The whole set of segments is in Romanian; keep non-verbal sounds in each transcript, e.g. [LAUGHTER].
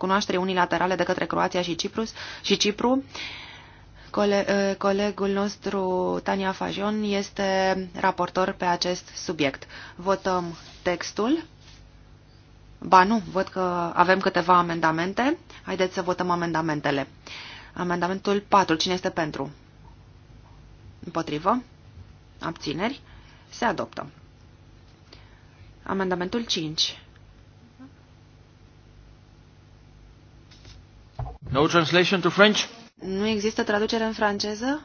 recunoaștere unilaterale de către Croația și, Ciprus, și Cipru. Cole, eh, colegul nostru, Tania Fajon, este raportor pe acest subiect. Votăm textul. Ba nu, văd că avem câteva amendamente. Haideți să votăm amendamentele. Amendamentul 4. Cine este pentru? Împotrivă? Abțineri? Se adoptă. Amendamentul 5. No translation to French? Nu există traducere în franceză?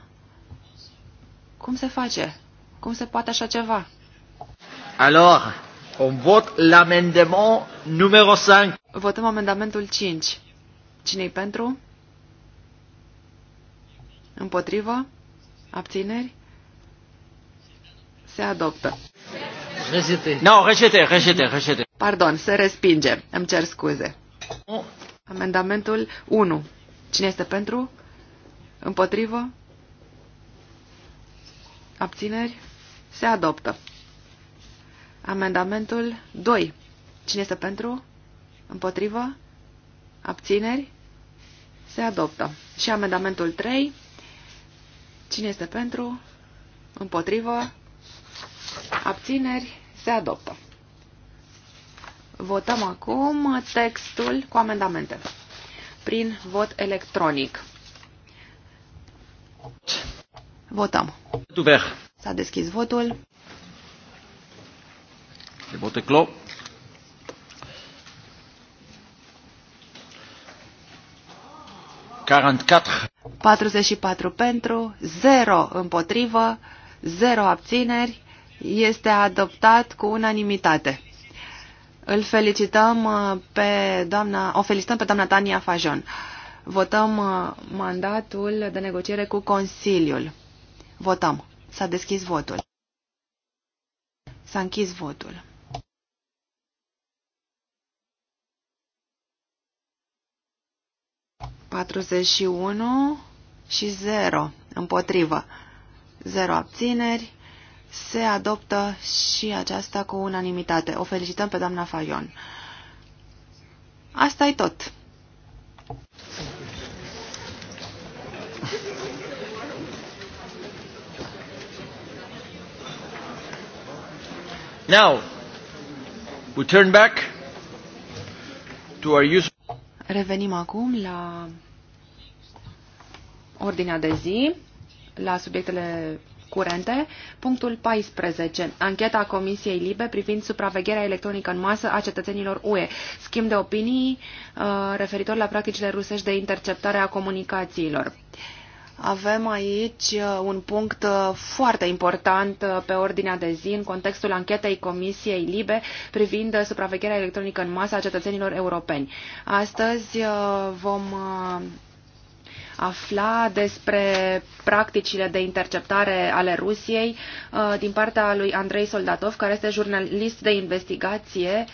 Cum se face? Cum se poate așa ceva? Alors, on vote l'amendement numéro 5. Votăm amendamentul 5. Cine-i pentru? Împotrivă? Abțineri? Se adoptă. Rejeté. No, rejeté, rejeté, rejeté. Pardon, se respinge. Îmi cer scuze. Amendamentul 1. Cine este pentru? Împotrivă? Abțineri? Se adoptă. Amendamentul 2. Cine este pentru? Împotrivă? Abțineri? Se adoptă. Și amendamentul 3. Cine este pentru? Împotrivă? Abțineri? Se adoptă. Votăm acum textul cu amendamente prin vot electronic. Votăm. S-a deschis votul. Le vote est clos. patru pentru, zero împotrivă, zero abțineri, este adoptat cu unanimitate. Îl felicităm uh, pe doamna, o felicităm pe doamna Tania Fajon. Votăm uh, mandatul de negociere cu Consiliul. Votăm. S-a deschis votul. S-a închis votul. Patruzeci și unu și zero împotrivă. Zero abțineri se adoptă și aceasta cu unanimitate. O felicităm pe doamna Fayon. Asta e tot. Now, we turn back to our use. Revenim acum la ordinea de zi, la subiectele curente. Punctul 14. Ancheta Comisiei Libe privind supravegherea electronică în masă a cetățenilor UE. Schimb de opinii uh, referitor la practicile rusești de interceptare a comunicațiilor. Avem aici uh, un punct uh, foarte important pe ordinea de zi în contextul anchetei Comisiei Libe privind supravegherea electronică în masă a cetățenilor europeni. Astăzi vom afla despre practicile de interceptare ale Rusiei uh, din partea lui Andrei Soldatov, care este jurnalist de investigație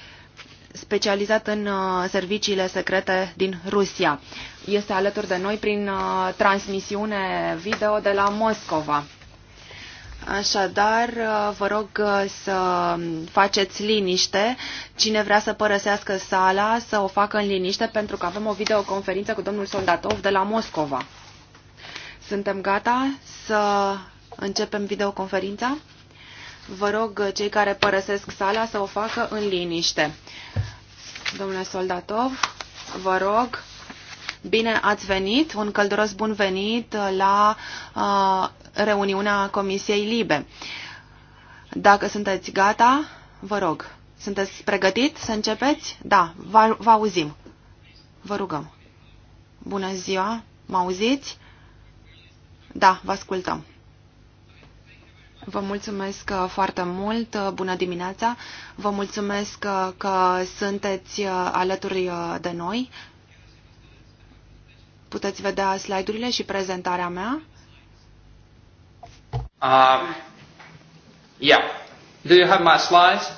specializat în uh, serviciile secrete din Rusia. Este alături de noi prin uh, transmisiune video de la Moscova. Așadar, uh, vă rog uh, să faceți liniște. Cine vrea să părăsească sala, să o facă în liniște, pentru că avem o videoconferință cu domnul Soldatov de la Moscova. Suntem gata să începem videoconferința? Vă rog uh, cei care părăsesc sala să o facă în liniște. Domnule Soldatov, vă rog, bine ați venit, un călduros bun venit la reuniunea Comisiei Libe. Dacă sunteți gata, vă rog. Sunteți pregătit să începeți? Da, vă, vă auzim. Vă rugăm. Bună ziua, mă auziți? Da, vă ascultăm. Vă mulțumesc uh, foarte mult, uh, bună dimineața, vă mulțumesc uh, că sunteți alături de noi. Puteți vedea slide-urile și prezentarea mea. Um, yeah. Do you have my slides?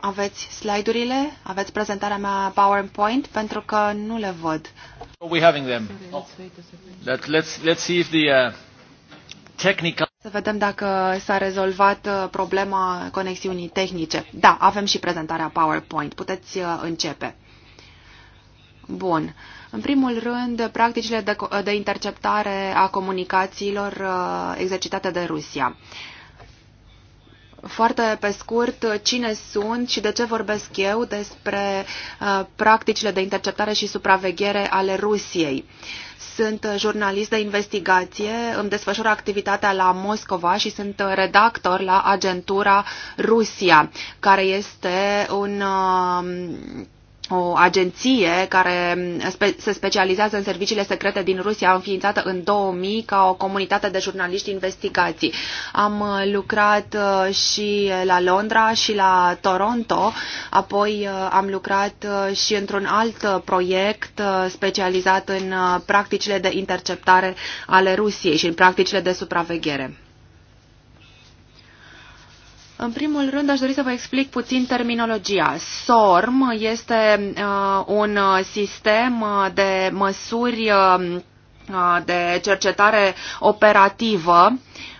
Aveți slide-urile? Aveți prezentarea mea PowerPoint? Pentru că nu le văd. Are we having them? Oh. Let, let's, let's see if the uh, technical... Să vedem dacă s-a rezolvat uh, problema conexiunii tehnice. Da, avem și prezentarea PowerPoint. Puteți uh, începe. Bun. În primul rând, practicile de, de interceptare a comunicațiilor uh, exercitate de Rusia. Foarte pe scurt, cine sunt și de ce vorbesc eu despre uh, practicile de interceptare și supraveghere ale Rusiei. Sunt jurnalist de investigație, îmi desfășor activitatea la Moscova și sunt redactor la agentura Rusia, care este un uh, o agenție care se specializează în serviciile secrete din Rusia, înființată în 2000 ca o comunitate de jurnaliști investigații. Am lucrat uh, și la Londra și la Toronto, apoi uh, am lucrat uh, și într-un alt proiect specializat în practicile de interceptare ale Rusiei și în practicile de supraveghere. În primul rând, aș dori să vă explic puțin terminologia. SORM este uh, un uh, sistem uh, de măsuri uh, uh, de cercetare operativă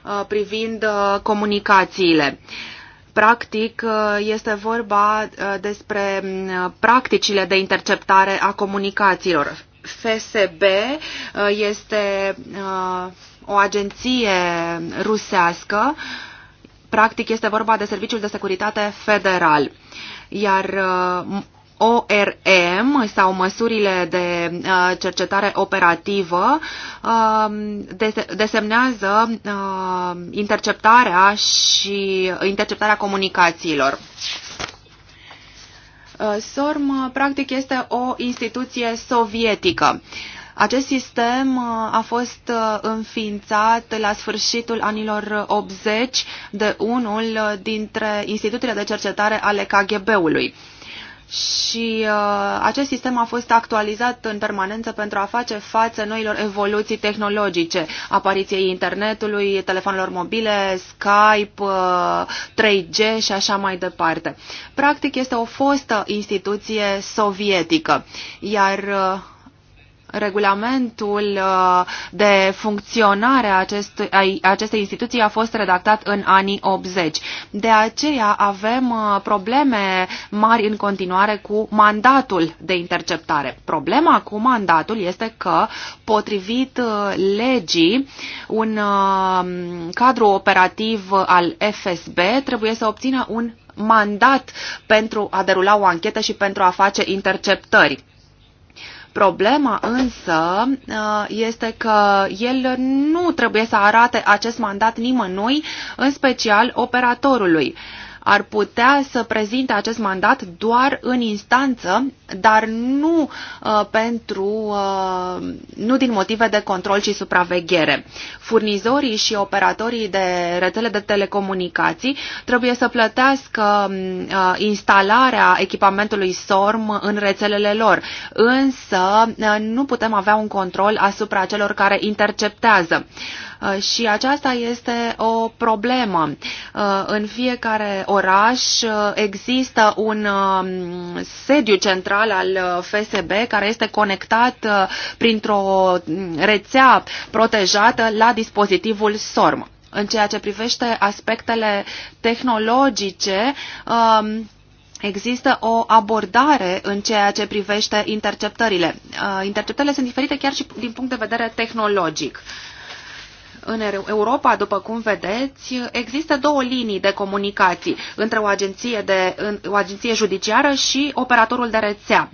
uh, privind uh, comunicațiile. Practic, este vorba despre practicile de interceptare a comunicațiilor. FSB este o agenție rusească Practic este vorba de Serviciul de Securitate Federal, iar uh, ORM sau măsurile de uh, cercetare operativă uh, desemnează interceptarea și interceptarea comunicațiilor. SORM, practic, este o instituție sovietică. Uh, acest sistem uh, a fost uh, înființat la sfârșitul anilor 80 de unul dintre institutele de cercetare ale KGB-ului și uh, acest sistem a fost actualizat în permanență pentru a face față noilor evoluții tehnologice, apariției internetului, telefonelor mobile, Skype, uh, 3G și așa mai departe. Practic este o fostă instituție sovietică, iar uh, regulamentul uh, de funcționare a acest, a acestei instituții a fost redactat în anii 80. De aceea avem uh, probleme mari în continuare cu mandatul de interceptare. Problema cu mandatul este că, potrivit uh, legii, un cadru operativ al FSB trebuie să obțină un mandat pentru a derula o anchetă și pentru a face interceptări Problema însă uh, este că el nu trebuie să arate acest mandat nimănui, în special operatorului ar putea să prezinte acest mandat doar în instanță, dar nu uh, pentru uh, nu din motive de control și supraveghere. Furnizorii și operatorii de rețele de telecomunicații trebuie să plătească um, uh, instalarea echipamentului SORM în rețelele lor, însă nu putem avea un control asupra celor care interceptează. Uh, și aceasta este o problemă. Uh, în fiecare oraș uh, există un um, sediu central al FSB care este conectat printr-o mm, rețea protejată la dispozitivul SORM. În ceea ce privește aspectele tehnologice, um, Există o abordare în ceea ce privește interceptările. Interceptările sunt diferite chiar și din punct de vedere tehnologic în Europa, după cum vedeți, există două linii de comunicații între o agenție, de, o agenție judiciară și operatorul de rețea.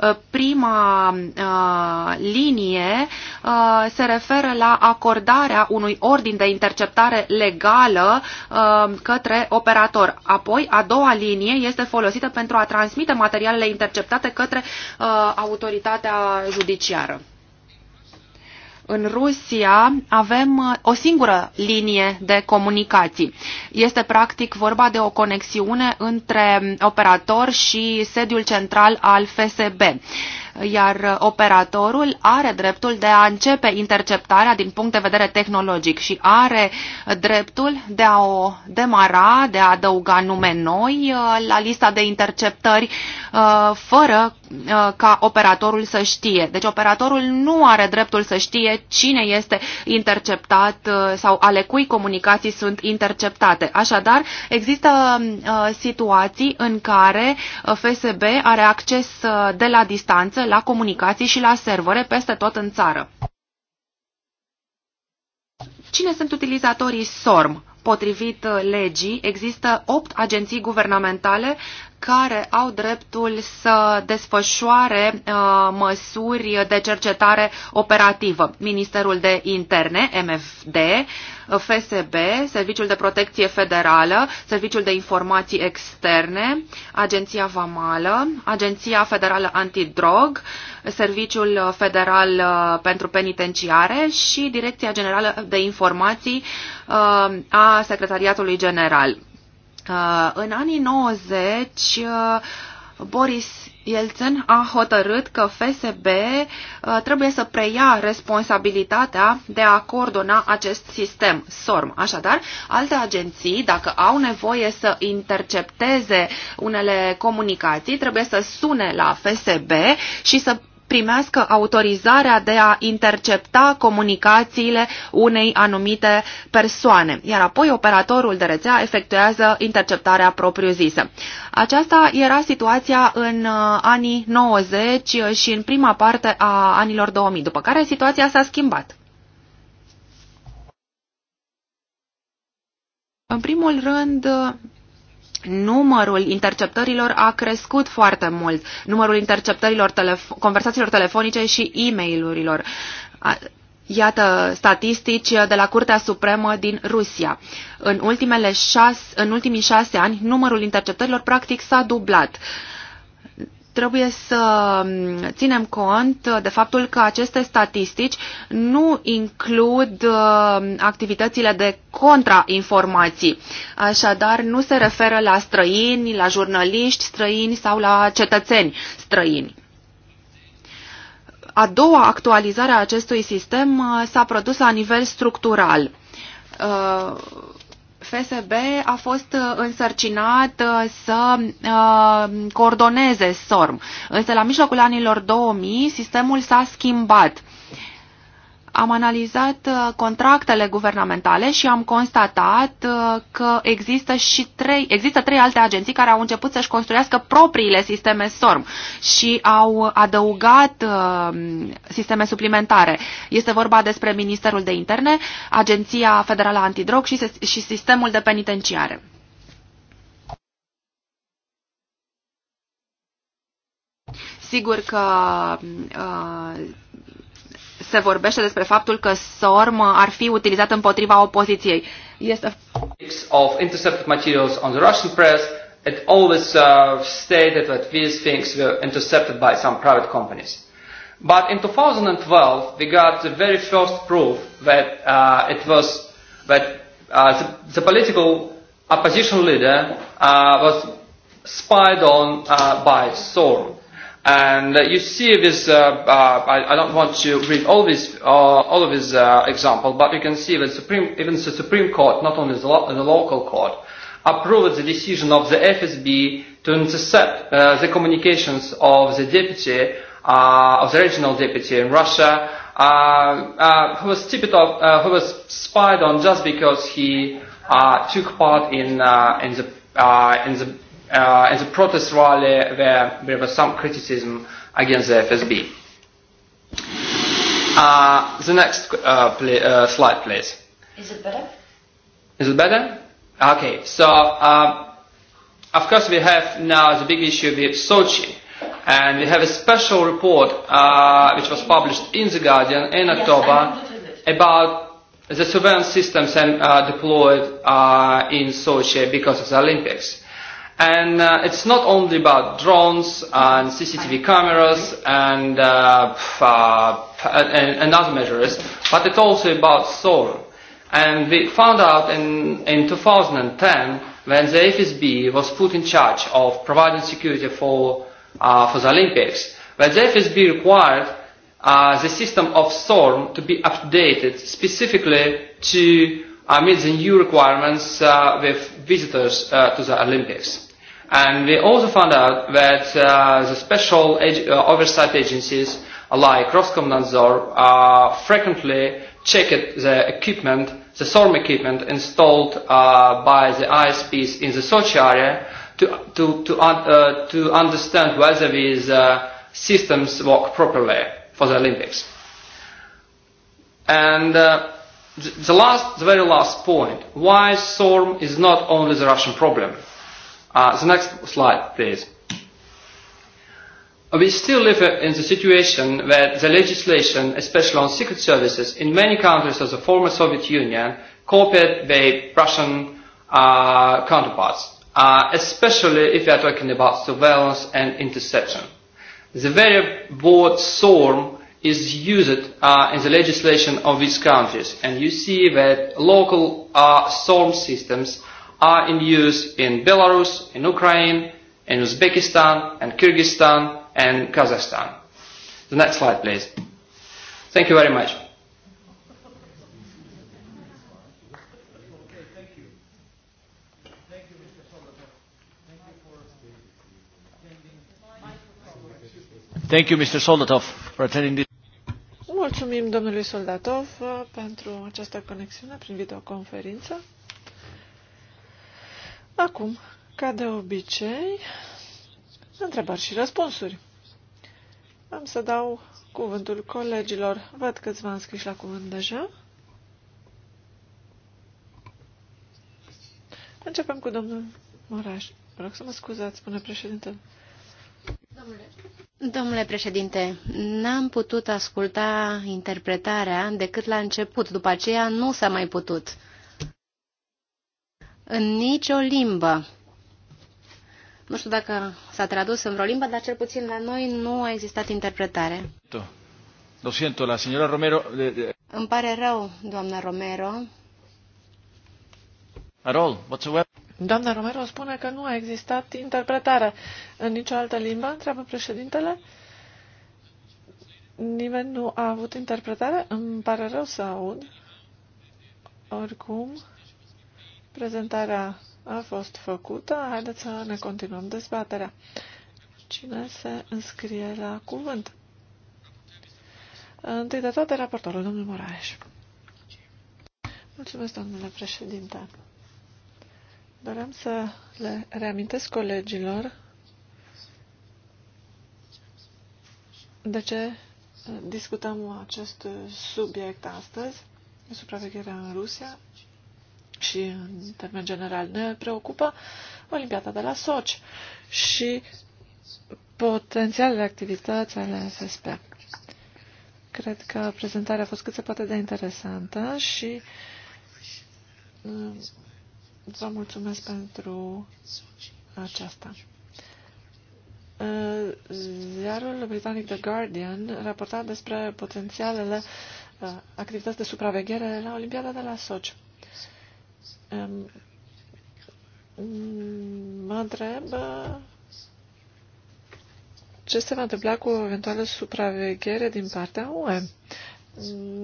Uh, prima uh, linie uh, se referă la acordarea unui ordin de interceptare legală uh, către operator. Apoi, a doua linie este folosită pentru a transmite materialele interceptate către uh, autoritatea judiciară în Rusia avem uh, o singură linie de comunicații. Este practic vorba de o conexiune între operator și sediul central al FSB iar operatorul are dreptul de a începe interceptarea din punct de vedere tehnologic și are dreptul de a o demara, de a adăuga nume noi uh, la lista de interceptări uh, fără uh, ca operatorul să știe. Deci operatorul nu are dreptul să știe cine este interceptat sau ale cui comunicații sunt interceptate. Așadar, există situații în care FSB are acces de la distanță la comunicații și la servere peste tot în țară. Cine sunt utilizatorii SORM? Potrivit legii, există opt agenții guvernamentale care au dreptul să desfășoare uh, măsuri de cercetare operativă. Ministerul de Interne, MFD, FSB, Serviciul de Protecție Federală, Serviciul de Informații Externe, Agenția Vamală, Agenția Federală Antidrog, Serviciul Federal uh, pentru Penitenciare și Direcția Generală de Informații uh, a Secretariatului General. În anii 90, uh, Boris Yeltsin a hotărât că FSB uh, trebuie să preia responsabilitatea de a coordona acest sistem SORM. Așadar, alte agenții, dacă au nevoie să intercepteze unele comunicații, trebuie să sune la FSB și să primească autorizarea de a intercepta comunicațiile unei anumite persoane, iar apoi operatorul de rețea efectuează interceptarea propriu-zisă. Aceasta era situația în uh, anii 90 și în prima parte a anilor 2000, după care situația s-a schimbat. În primul rând, numărul interceptărilor a crescut foarte mult, numărul interceptărilor, telefo- conversațiilor telefonice și e-mail-urilor. Iată statistici de la Curtea Supremă din Rusia. În, ultimele șase, în ultimii șase ani, numărul interceptărilor practic s-a dublat. Uh, trebuie să mm, ținem cont de faptul că aceste statistici nu includ mm, activitățile de contrainformații. Așadar, nu se referă la străini, la jurnaliști străini sau la cetățeni străini. A doua actualizare a acestui sistem mm, s-a produs la nivel structural uh, FSB a fost uh, însărcinat uh, să uh, coordoneze SORM, însă la mijlocul anilor 2000 sistemul s-a schimbat am analizat uh, contractele guvernamentale și am constatat uh, că există și trei, există trei alte agenții care au început să-și construiască propriile sisteme SORM și au adăugat uh, sisteme suplimentare. Este vorba despre Ministerul de Interne, Agenția Federală Antidrog și, sistemul de penitenciare. Sigur că uh, se vorbește despre faptul că SORM ar fi utilizat împotriva opoziției. Este of intercepted materials on the Russian press it always uh, stated that these things were intercepted by some private companies. But in 2012, we got the very first proof that uh, it was that uh, the, the political opposition leader uh, was spied on uh, by SORM. And uh, you see this, uh, uh, I, I don't want to read all, this, uh, all of his uh, example, but you can see that Supreme, even the Supreme Court, not only the, lo- the local court, approved the decision of the FSB to intercept uh, the communications of the deputy, uh, of the regional deputy in Russia, uh, uh, who was typical, uh, who was spied on just because he uh, took part in, uh, in the, uh, in the uh, as the protest rally where there was some criticism against the FSB. Uh, the next uh, pl- uh, slide, please. Is it better? Is it better? Okay, so uh, of course we have now the big issue with Sochi. And we have a special report uh, which was published in The Guardian in yes, October about the surveillance systems and, uh, deployed uh, in Sochi because of the Olympics. And uh, it's not only about drones and CCTV cameras and, uh, uh, and, and other measures, but it's also about solar. And we found out in, in 2010 when the FSB was put in charge of providing security for, uh, for the Olympics, that the FSB required uh, the system of SORM to be updated specifically to uh, meet the new requirements uh, with visitors uh, to the Olympics. And we also found out that uh, the special ag- uh, oversight agencies like Roskomnadzor uh, frequently checked the equipment, the SORM equipment installed uh, by the ISPs in the Sochi area to, to, to, un- uh, to understand whether these uh, systems work properly for the Olympics. And uh, the, the, last, the very last point, why SORM is not only the Russian problem. Uh, so next slide, please. Uh, we still live in the situation where the legislation, especially on secret services, in many countries of the former Soviet Union, copied by Russian uh, counterparts, uh, especially if we are talking about surveillance and interception. The very word SORM is used uh, in the legislation of these countries, and you see that local uh, SORM systems are in use in Belarus, in Ukraine, in Uzbekistan, and Kyrgyzstan, and Kazakhstan. The next slide, please. Thank you very much. Thank you, Mr. Soldatov, for attending this. Mulțumim domnului Soldatov pentru această conexiune prin videoconferință. Acum, ca de obicei, întrebări și răspunsuri. Am să dau cuvântul colegilor. Văd că v-am scris la cuvânt deja. Începem cu domnul Moraș. Vă rog să mă scuzați, spune președinte. Domnule. Domnule președinte, n-am putut asculta interpretarea decât la început, după aceea nu s-a mai putut în nicio limbă. Nu știu dacă s-a tradus în vreo limbă, dar cel puțin la noi nu a existat interpretare. Lo siento, la señora Romero... De, de... Îmi pare rău, doamna Romero. Arol, all, whatsoever. Doamna Romero spune că nu a existat interpretare în nicio altă limbă, întreabă președintele. Nimeni nu a avut interpretare? Îmi pare rău să aud. Oricum... Prezentarea a fost făcută. Haideți să ne continuăm dezbaterea. Cine se înscrie la cuvânt? Întâi de toate, raportorul, domnul Moraes. Mulțumesc, domnule președinte. Doream să le reamintesc colegilor de ce discutăm acest subiect astăzi, supravegherea în Rusia și în termen general ne preocupă Olimpiada de la Soci și potențialele activități ale SSP. Cred că prezentarea a fost cât se poate de interesantă și uh, vă mulțumesc pentru aceasta. Uh, ziarul britanic The Guardian raporta despre potențialele uh, activități de supraveghere la Olimpiada de la Soci. Mă întreb uh, ce se va întâmpla cu o eventuală supraveghere din partea UE.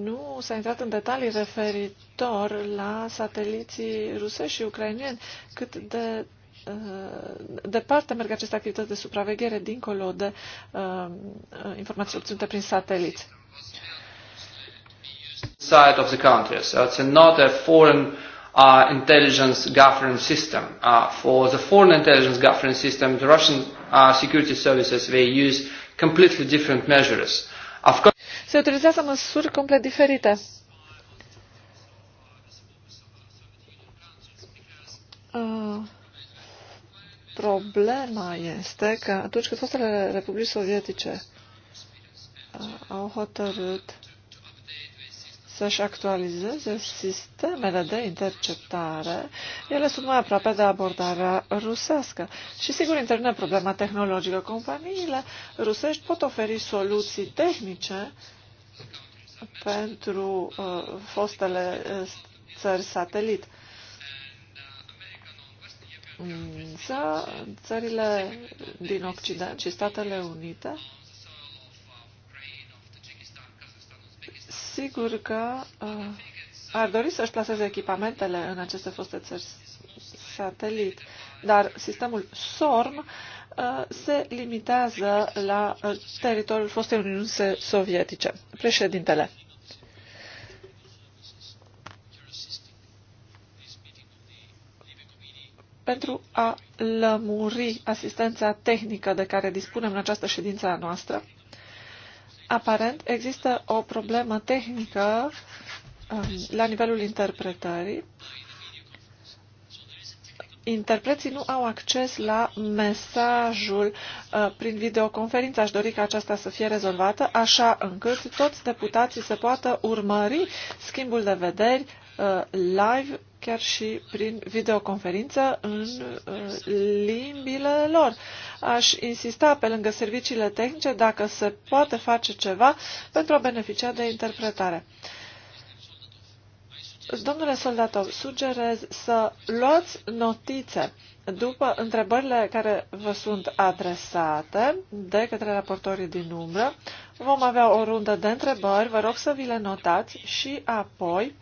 Nu s-a intrat în detalii referitor la sateliții rusești și ucrainieni, cât de uh, departe merg aceste activități de supraveghere dincolo de uh, informații obținute prin sateliți. Side of the not a foreign uh, intelligence governance system. Uh, for the foreign intelligence governance system, the Russian uh, security services, they use completely different measures. Of course, Se utilizează măsuri complet diferite. Uh, problema este că atunci când fostele republici sovietice uh, au hotărât să-și actualizeze sistemele de interceptare, ele sunt mai aproape de abordarea rusească. Și sigur intervine problema tehnologică. Companiile rusești pot oferi soluții tehnice pentru uh, fostele uh, țări satelit. țările din Occident și Statele Unite sigur că uh, ar dori să-și plaseze echipamentele în aceste foste țări satelit, dar sistemul SORM uh, se limitează la uh, teritoriul fostei Uniuni Sovietice. Președintele. pentru a lămuri asistența tehnică de care dispunem în această ședință a noastră, aparent există o problemă tehnică um, la nivelul interpretării. Interpreții nu au acces la mesajul uh, prin videoconferință. Aș dori ca aceasta să fie rezolvată, așa încât toți deputații să poată urmări schimbul de vederi uh, live chiar și prin videoconferință în uh, limbile lor. Aș insista pe lângă serviciile tehnice dacă se poate face ceva pentru a beneficia de interpretare. Domnule Soldatov, sugerez să luați notițe după întrebările care vă sunt adresate de către raportorii din umbră. Vom avea o rundă de întrebări, vă rog să vi le notați și apoi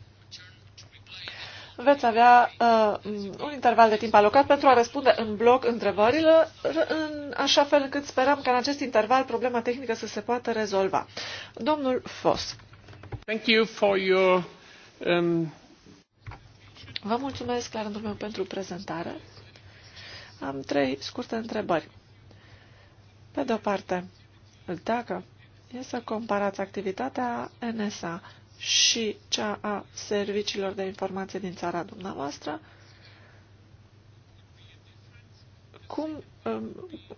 veți avea uh, un interval de timp alocat pentru a răspunde în bloc întrebările, în așa fel încât sperăm că în acest interval problema tehnică să se poată rezolva. Domnul Fos. Thank you for your, um... Vă mulțumesc, la rândul meu, pentru prezentare. Am trei scurte întrebări. Pe de-o parte, dacă e să comparați activitatea NSA și cea a serviciilor de informație din țara dumneavoastră, cum um,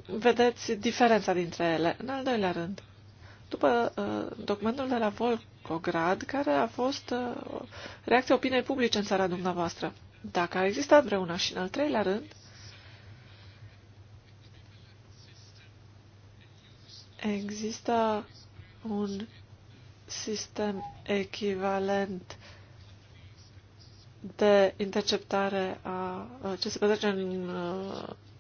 vedeți diferența dintre ele? În al doilea rând, după uh, documentul de la Volcograd, care a fost uh, reacția opiniei publice în țara dumneavoastră, dacă a existat vreuna și în al treilea rând, există un sistem echivalent de interceptare a ce se petrece în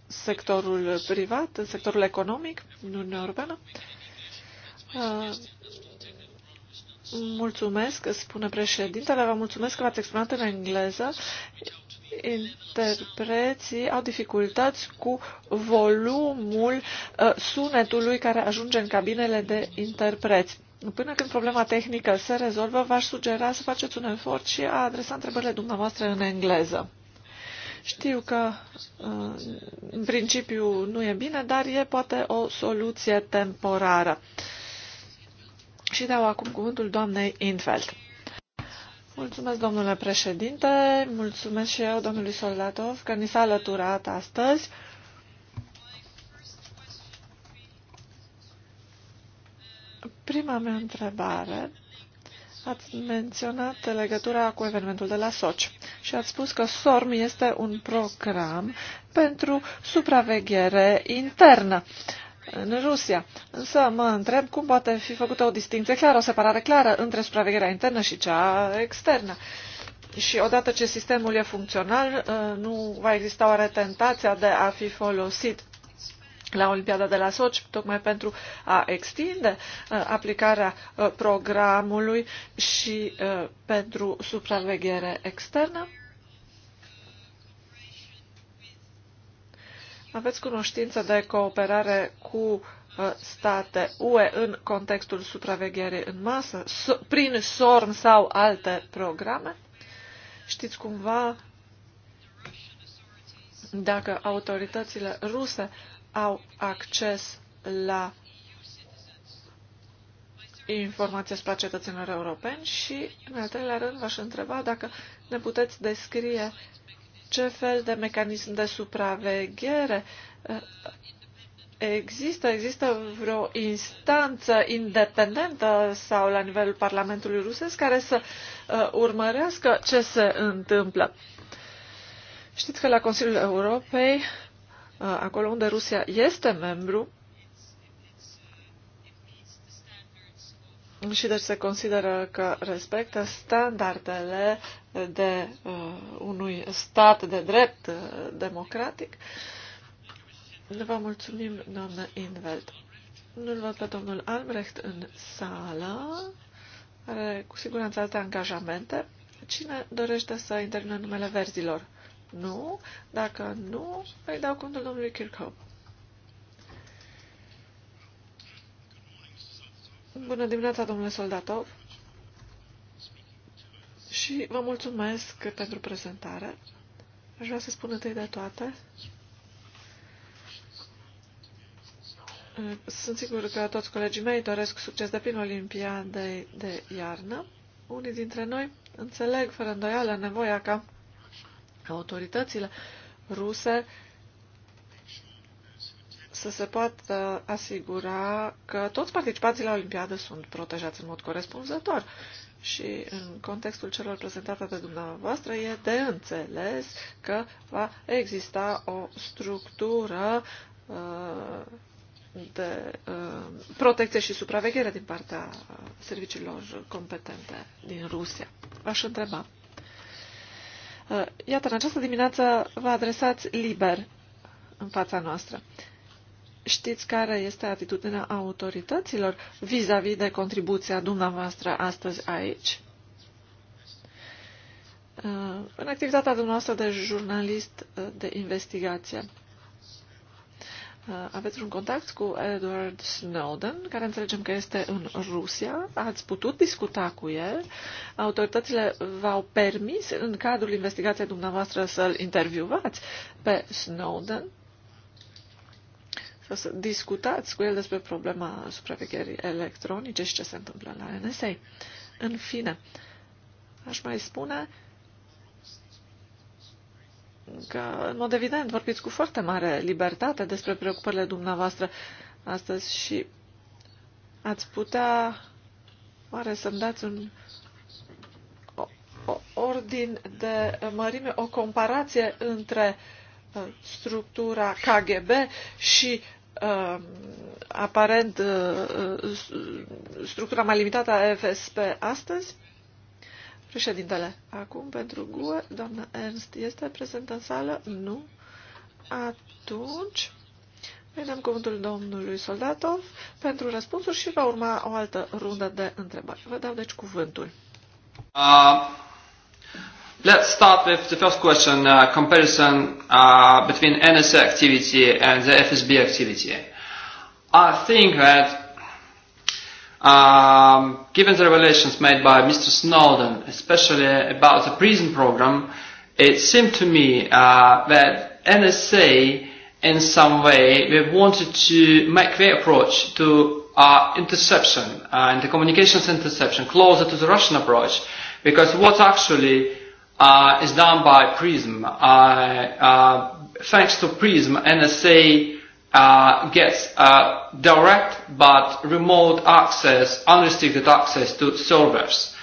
sectorul privat, în sectorul economic, în Uniunea Europeană. Mulțumesc, spune președintele, vă mulțumesc că v-ați exprimat în engleză. Interpreții au dificultăți cu volumul sunetului care ajunge în cabinele de interpreți. Până când problema tehnică se rezolvă, v-aș sugera să faceți un efort și a adresa întrebările dumneavoastră în engleză. Știu că uh, în principiu nu e bine, dar e poate o soluție temporară. Și dau acum cuvântul doamnei Infeld. Mulțumesc, domnule președinte, mulțumesc și eu, domnului Soldatov, că ni s-a alăturat astăzi. Prima mea întrebare. Ați menționat legătura cu evenimentul de la Soci și ați spus că SORM este un program pentru supraveghere internă în Rusia. Însă mă întreb cum poate fi făcută o distinție clară, o separare clară între supravegherea internă și cea externă. Și odată ce sistemul e funcțional, nu va exista o retentație de a fi folosit la Olimpiada de la Sochi, tocmai pentru a extinde uh, aplicarea uh, programului și uh, pentru supraveghere externă. Aveți cunoștință de cooperare cu uh, state UE în contextul supravegherii în masă, prin SORM sau alte programe? Știți cumva dacă autoritățile ruse au acces la informații asupra cetățenilor europeni și, în al treilea rând, v-aș întreba dacă ne puteți descrie ce fel de mecanism de supraveghere eh, există. Există vreo instanță independentă sau la nivelul Parlamentului rusesc care să eh, urmărească ce se întâmplă. Știți că la Consiliul Europei Uh, acolo unde Rusia este membru și deci se consideră că respectă standardele de uh, unui stat de drept uh, democratic. Vă mulțumim, doamnă Inveld. Nu-l văd pe domnul Albrecht în sală. Are cu siguranță alte angajamente. Cine dorește să intervină numele verzilor? Nu? Dacă nu, îi dau contul domnului Kirchhoff. Bună dimineața, domnule Soldatov. Și vă mulțumesc pentru prezentare. Aș vrea să spun întâi de toate. Sunt sigur că toți colegii mei doresc succes de prin Olimpiadei de iarnă. Unii dintre noi înțeleg fără îndoială nevoia ca ca autoritățile ruse să se poată asigura că toți participanții la Olimpiadă sunt protejați în mod corespunzător. Și în contextul celor prezentate de dumneavoastră e de înțeles că va exista o structură uh, de uh, protecție și supraveghere din partea serviciilor competente din Rusia. V-aș întreba Uh, iată, în această dimineață vă adresați liber în fața noastră. Știți care este atitudinea autorităților vis-a-vis -vis de contribuția dumneavoastră astăzi aici? Uh, în activitatea dumneavoastră de jurnalist uh, de investigație, Uh, aveți un contact cu Edward Snowden, care înțelegem că este în Rusia. Ați putut discuta cu el. Autoritățile v-au permis, în cadrul investigației dumneavoastră, să-l intervievați pe Snowden să discutați cu el despre problema supravegherii electronice și ce se întâmplă la NSA. În fine, aș mai spune că, în mod evident, vorbiți cu foarte mare libertate despre preocupările dumneavoastră astăzi și ați putea, oare, să-mi dați un o, o ordin de mărime, o comparație între uh, structura KGB și uh, aparent uh, uh, structura mai limitată a FSP astăzi? Președintele, acum pentru GUE, doamna Ernst, este prezentă în sală? Nu. Atunci, îi dăm cuvântul domnului Soldatov pentru răspunsuri și va urma o altă rundă de întrebări. Vă dau deci cuvântul. Uh, let's start with the first question, uh, comparison uh, between NSA activity and the FSB activity. I think that Um, given the revelations made by Mr. Snowden, especially about the prison program, it seemed to me uh, that NSA, in some way, they wanted to make their approach to uh, interception uh, and the communications interception closer to the Russian approach, because what actually uh, is done by PRISM, uh, uh, thanks to PRISM, NSA uh, gets uh, direct but remote access, unrestricted access to servers.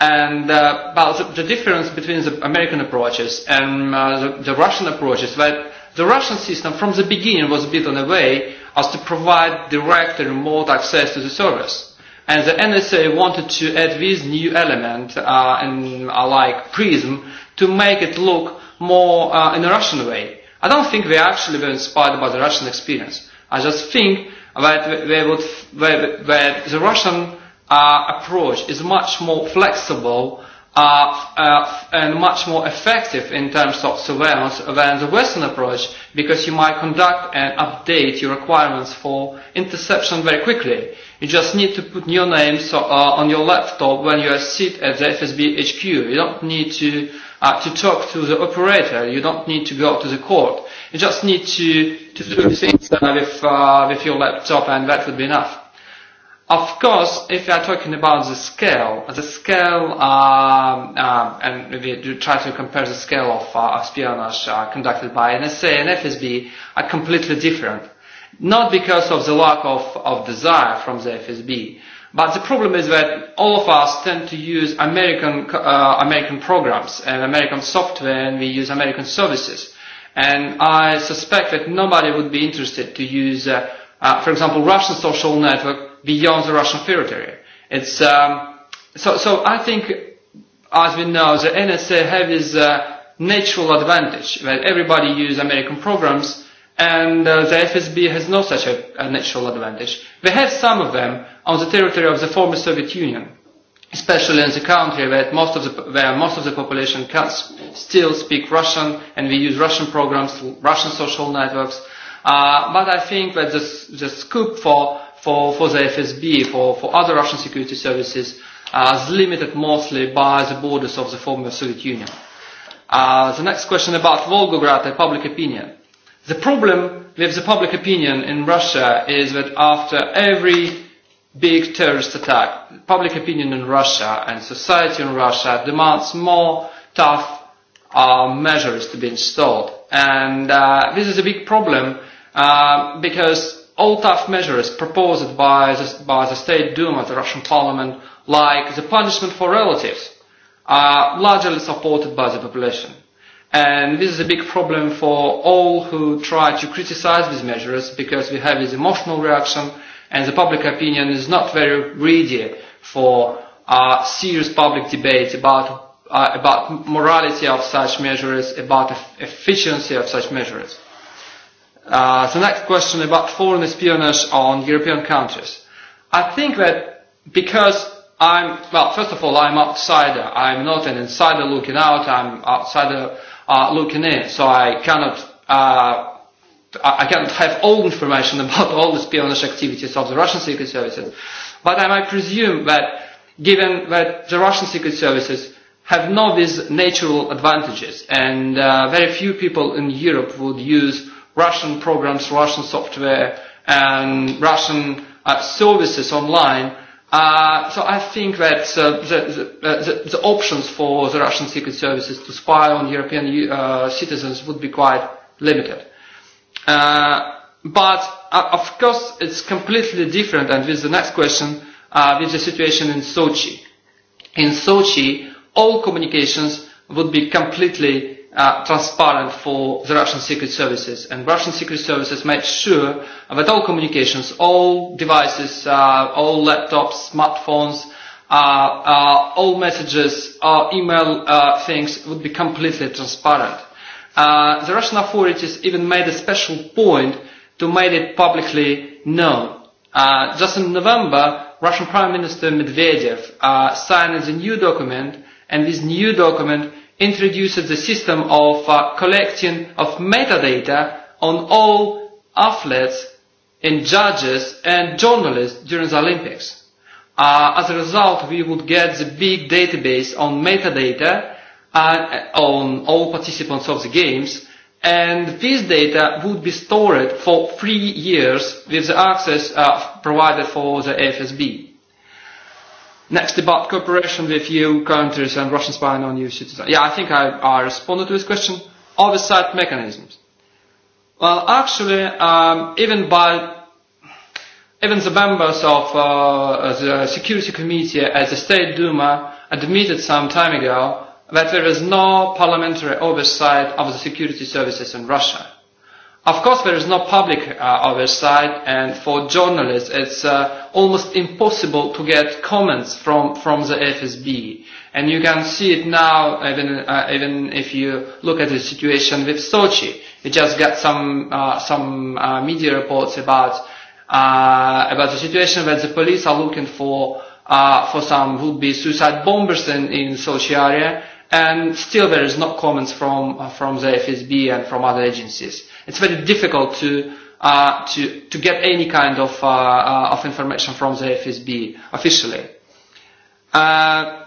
And uh, but the, the difference between the American approaches and uh, the, the Russian approaches that the Russian system from the beginning was built in a way as to provide direct and remote access to the servers. And the NSA wanted to add this new element, uh, and, uh, like PRISM, to make it look more uh, in a Russian way I don't think we actually were inspired by the Russian experience. I just think that we would, that, that the Russian uh, approach is much more flexible uh, uh, and much more effective in terms of surveillance than the Western approach because you might conduct and update your requirements for interception very quickly. You just need to put your name so, uh, on your laptop when you are sit at the FSB HQ. You don't need to uh, to talk to the operator. You don't need to go to the court. You just need to, to do things uh, with, uh, with your laptop and that would be enough. Of course, if you are talking about the scale, the scale, um, um, and if you try to compare the scale of uh, espionage uh, conducted by NSA and FSB, are completely different. Not because of the lack of, of desire from the FSB, But the problem is that all of us tend to use American, uh, American programs and American software and we use American services. And I suspect that nobody would be interested to use, uh, uh, for example, Russian social network beyond the Russian territory. It's, um, so, so I think, as we know, the NSA have this uh, natural advantage that everybody uses American programs and uh, the FSB has no such a, a natural advantage. They have some of them, on the territory of the former Soviet Union, especially in the country where most of the, where most of the population can still speak Russian and we use Russian programs, Russian social networks. Uh, but I think that the, the scope for, for, for the FSB, for, for other Russian security services, uh, is limited mostly by the borders of the former Soviet Union. Uh, the next question about Volgograd and public opinion. The problem with the public opinion in Russia is that after every big terrorist attack. Public opinion in Russia and society in Russia demands more tough uh, measures to be installed. And uh, this is a big problem uh, because all tough measures proposed by the, by the State Duma, the Russian parliament, like the punishment for relatives, are largely supported by the population. And this is a big problem for all who try to criticize these measures because we have this emotional reaction and the public opinion is not very ready for uh, serious public debate about uh, about morality of such measures, about efficiency of such measures. Uh, the next question about foreign espionage on European countries. I think that because I'm, well, first of all, I'm outsider. I'm not an insider looking out. I'm outsider uh, looking in. So I cannot uh, I cannot have all information [LAUGHS] about all the espionage activities of the Russian secret services, but I might presume that given that the Russian secret services have no these natural advantages and uh, very few people in Europe would use Russian programs, Russian software and Russian uh, services online. Uh, so I think that uh, the, the, uh, the, the options for the Russian secret services to spy on European uh, citizens would be quite limited. Uh, but uh, of course it's completely different and with the next question uh, with the situation in Sochi. In Sochi all communications would be completely uh, transparent for the Russian secret services and Russian secret services made sure that all communications, all devices, uh, all laptops, smartphones, uh, uh, all messages, uh, email uh, things would be completely transparent Uh, the Russian authorities even made a special point to make it publicly known. Uh, just in November, Russian Prime Minister Medvedev uh, signed a new document, and this new document introduces the system of uh, collecting of metadata on all athletes and judges and journalists during the Olympics. Uh, as a result, we would get the big database on metadata uh, on all participants of the games and this data would be stored for three years with the access uh, provided for the FSB. Next about cooperation with EU countries and Russian spying on EU citizens. Yeah, I think I, I responded to this question. Oversight mechanisms. Well, actually, um, even by even the members of uh, the Security Committee at the State Duma admitted some time ago that there is no parliamentary oversight of the security services in Russia. Of course, there is no public uh, oversight, and for journalists, it's uh, almost impossible to get comments from, from the FSB. And you can see it now, even, uh, even if you look at the situation with Sochi. We just got some, uh, some uh, media reports about, uh, about the situation where the police are looking for, uh, for some would-be suicide bombers in, in Sochi area, and still there is no comments from uh, from the FSB and from other agencies. It's very difficult to uh, to to get any kind of uh, uh, of information from the FSB officially. Uh,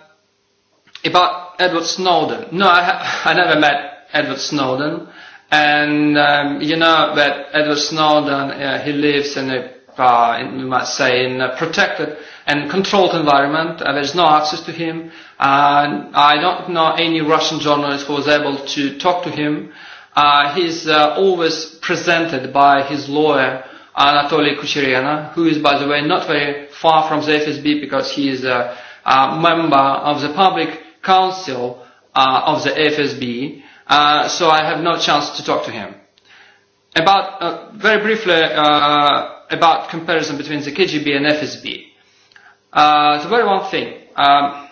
about Edward Snowden, no, I, ha- [LAUGHS] I never met Edward Snowden, and um, you know that Edward Snowden uh, he lives in a uh, in, we might say in a protected and controlled environment. Uh, is no access to him Uh, I don't know any Russian journalist who was able to talk to him. Uh, he's uh, always presented by his lawyer, Anatoly Kucherena, who is, by the way, not very far from the FSB because he is a, a member of the public council uh, of the FSB. Uh, so I have no chance to talk to him. About, uh, very briefly, uh, about comparison between the KGB and FSB. Uh, the very one thing. Um,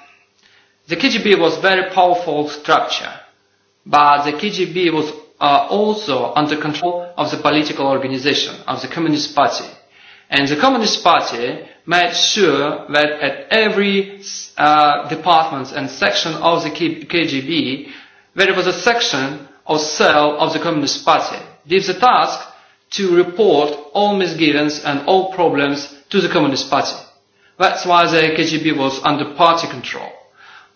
The KGB was very powerful structure, but the KGB was uh, also under control of the political organization of the Communist Party. And the Communist Party made sure that at every uh, department and section of the KGB, there was a section or cell of the Communist Party, gives the task to report all misgivings and all problems to the Communist Party. That's why the KGB was under party control.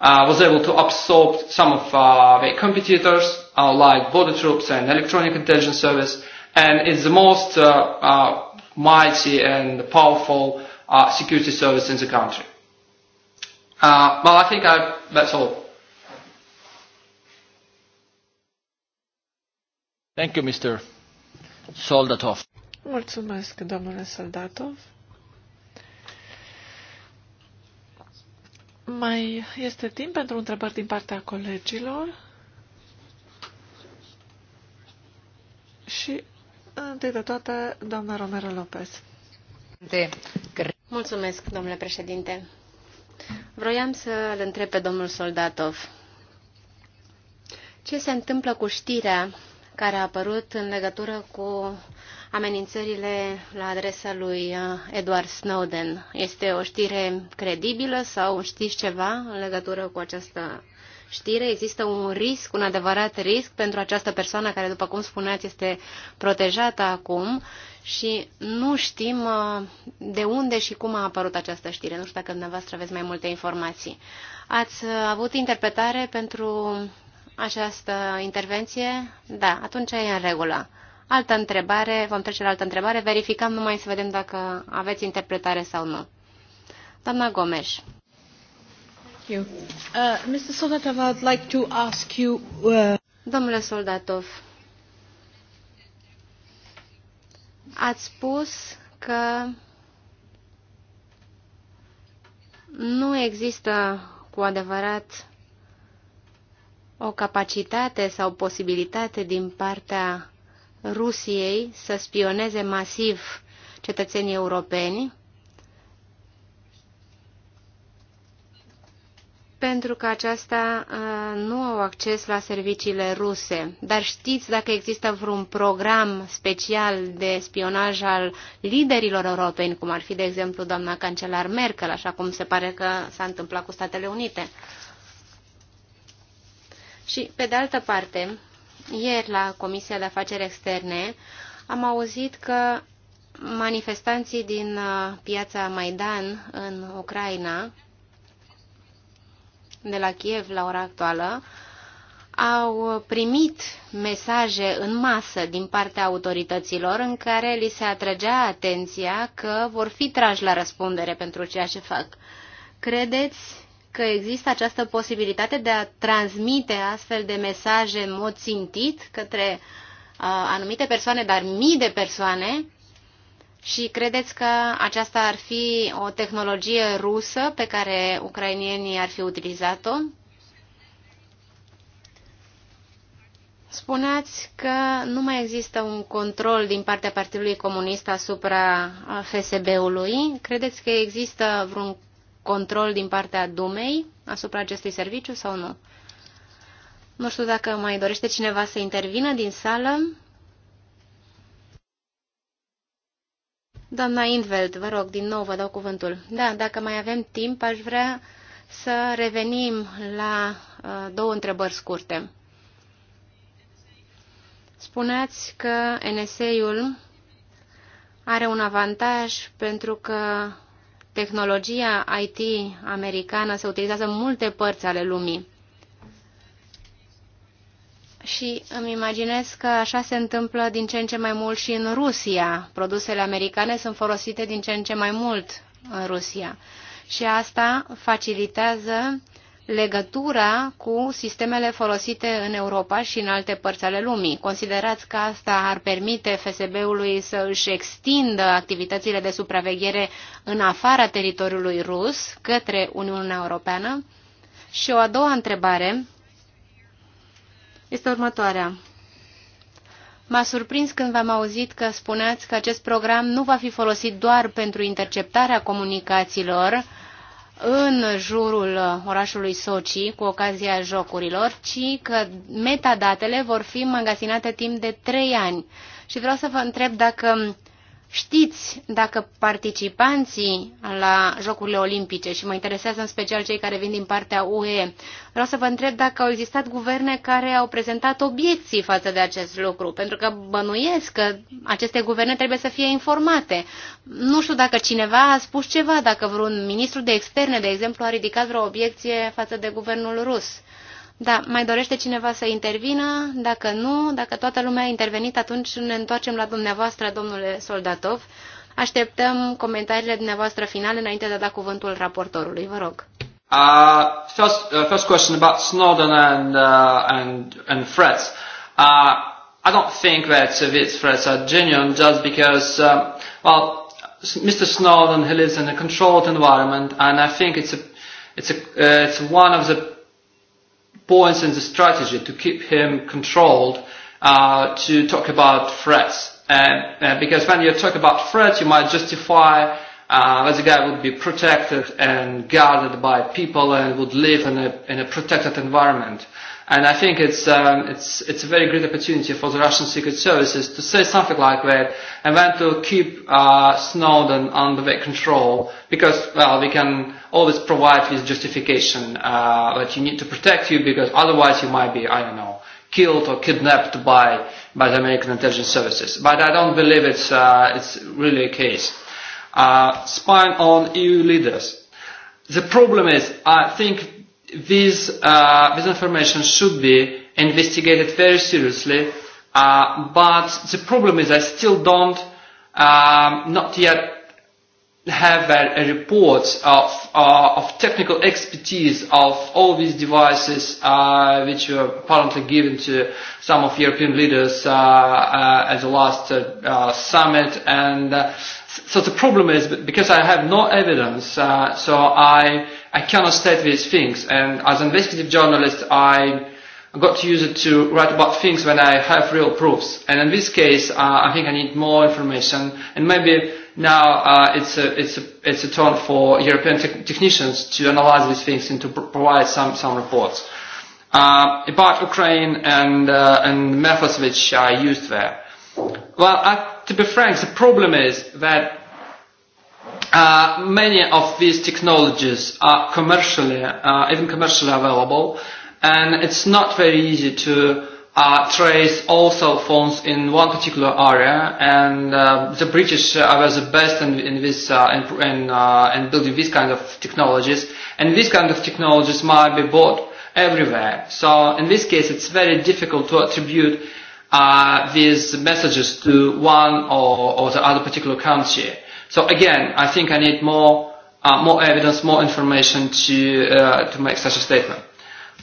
uh, was able to absorb some of uh, their competitors, uh, like border troops and electronic intelligence service, and is the most uh, uh, mighty and powerful uh, security service in the country. Uh, well, I think I, that's all. Thank you, Mr. Soldatov. Mulțumesc, domnule Soldatov. Mai este timp pentru întrebări din partea colegilor. Și întâi de toate, doamna Romero Lopez. Mulțumesc, domnule președinte. Vroiam să-l întreb pe domnul Soldatov. Ce se întâmplă cu știrea care a apărut în legătură cu amenințările la adresa lui uh, Edward Snowden. Este o știre credibilă sau știți ceva în legătură cu această știre? Există un risc, un adevărat risc pentru această persoană care, după cum spuneați, este protejată acum și nu știm uh, de unde și cum a apărut această știre. Nu știu dacă dumneavoastră aveți mai multe informații. Ați uh, avut interpretare pentru această intervenție? Da, atunci e în regulă. Altă întrebare, vom trece la altă întrebare, verificăm numai să vedem dacă aveți interpretare sau nu. Doamna Gomes. Thank you. Uh, Mr. Soldatov, I'd like to ask you... Uh... Domnule Soldatov, ați spus că nu există cu adevărat o capacitate sau posibilitate din partea Rusiei să spioneze masiv cetățenii europeni pentru că aceasta nu au acces la serviciile ruse. Dar știți dacă există vreun program special de spionaj al liderilor europeni, cum ar fi, de exemplu, doamna cancelar Merkel, așa cum se pare că s-a întâmplat cu Statele Unite. Și, pe de altă parte, ieri, la Comisia de Afaceri Externe, am auzit că manifestanții din uh, piața Maidan în Ucraina, de la Kiev la ora actuală, au primit mesaje în masă din partea autorităților în care li se atragea atenția că vor fi trași la răspundere pentru ceea ce fac. Credeți că există această posibilitate de a transmite astfel de mesaje în mod țintit către uh, anumite persoane, dar mii de persoane, și credeți că aceasta ar fi o tehnologie rusă pe care ucrainienii ar fi utilizat-o? Spuneați că nu mai există un control din partea Partidului Comunist asupra uh, FSB-ului. Credeți că există vreun control din partea Dumei asupra acestui serviciu sau nu? Nu știu dacă mai dorește cineva să intervină din sală. Doamna Indveld, vă rog, din nou vă dau cuvântul. Da, dacă mai avem timp, aș vrea să revenim la uh, două întrebări scurte. Spuneați că NSA-ul are un avantaj pentru că tehnologia IT americană se utilizează în multe părți ale lumii. Și îmi imaginez că așa se întâmplă din ce în ce mai mult și în Rusia. Produsele americane sunt folosite din ce în ce mai mult în Rusia. Și asta facilitează legătura cu sistemele folosite în Europa și în alte părți ale lumii. Considerați că asta ar permite FSB-ului să își extindă activitățile de supraveghere în afara teritoriului rus către Uniunea Europeană? Și o a doua întrebare este următoarea. M-a surprins când v-am auzit că spuneați că acest program nu va fi folosit doar pentru interceptarea comunicațiilor, în jurul orașului Sochi cu ocazia jocurilor, ci că metadatele vor fi magazinate timp de trei ani. Și vreau să vă întreb dacă Știți dacă participanții la Jocurile Olimpice, și mă interesează în special cei care vin din partea UE, vreau să vă întreb dacă au existat guverne care au prezentat obiecții față de acest lucru, pentru că bănuiesc că aceste guverne trebuie să fie informate. Nu știu dacă cineva a spus ceva, dacă vreun ministru de externe, de exemplu, a ridicat vreo obiecție față de guvernul rus. Da, mai dorește cineva să intervină? Dacă nu, dacă toată lumea a intervenit, atunci ne întoarcem la dumneavoastră, domnule Soldatov. Așteptăm comentariile dumneavoastră finale înainte de a da cuvântul raportorului. Vă rog. Uh, first, uh, first question about Snowden and, uh, and, and threats. Uh, I don't think that these threats are genuine just because, uh, well, Mr. Snowden, he lives in a controlled environment, and I think it's, a, it's, a, uh, it's one of the points in the strategy to keep him controlled uh, to talk about threats. And, and because when you talk about threats, you might justify uh, that the guy would be protected and guarded by people and would live in a, in a protected environment. And I think it's, um, it's, it's a very great opportunity for the Russian secret services to say something like that and then to keep uh, Snowden under their control because, well, we can always provide his justification uh, that you need to protect you because otherwise you might be, I don't know, killed or kidnapped by, by the American intelligence services. But I don't believe it's, uh, it's really a case. Uh, spying on EU leaders. The problem is, I think this uh, information should be investigated very seriously. Uh, but the problem is I still don't, um, not yet have a, a report of, uh, of technical expertise of all these devices uh, which were apparently given to some of European leaders uh, uh, at the last uh, uh, summit. And uh, so the problem is because I have no evidence, uh, so I I cannot state these things. And as an investigative journalist, I got to use it to write about things when I have real proofs. And in this case, uh, I think I need more information. And maybe now uh, it's, a, it's, a, it's a turn for European te technicians to analyze these things and to pr provide some, some reports. Uh, about Ukraine and, uh, and methods which are used there. Well, I, uh, to be frank, the problem is that uh, many of these technologies are commercially, uh, even commercially available, and it's not very easy to uh, trace all cell phones in one particular area, and uh, the British uh, were the best in, in this uh, in, in, uh, in building these kind of technologies, and these kind of technologies might be bought everywhere. So in this case, it's very difficult to attribute uh, these messages to one or, or the other particular country. So again, I think I need more uh, more evidence, more information to uh, to make such a statement.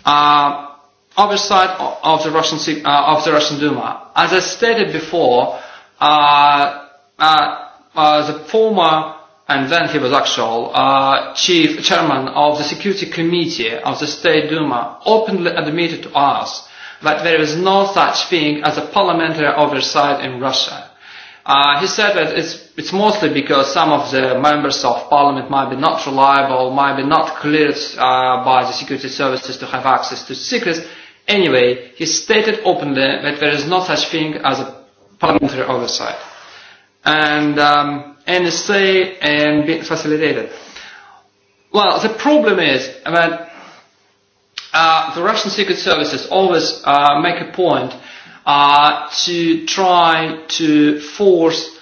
Uh, oversight of the Russian uh, of the Russian Duma, as I stated before, uh, uh, uh, the former and then he was actual uh, chief chairman of the security committee of the State Duma openly admitted to us that there is no such thing as a parliamentary oversight in Russia Uh, he said that it's, it's mostly because some of the members of parliament might be not reliable, might be not cleared uh, by the security services to have access to secrets. Anyway, he stated openly that there is no such thing as a parliamentary oversight. And um, NSA and being facilitated. Well, the problem is that uh, the Russian secret services always uh, make a point uh, to try to force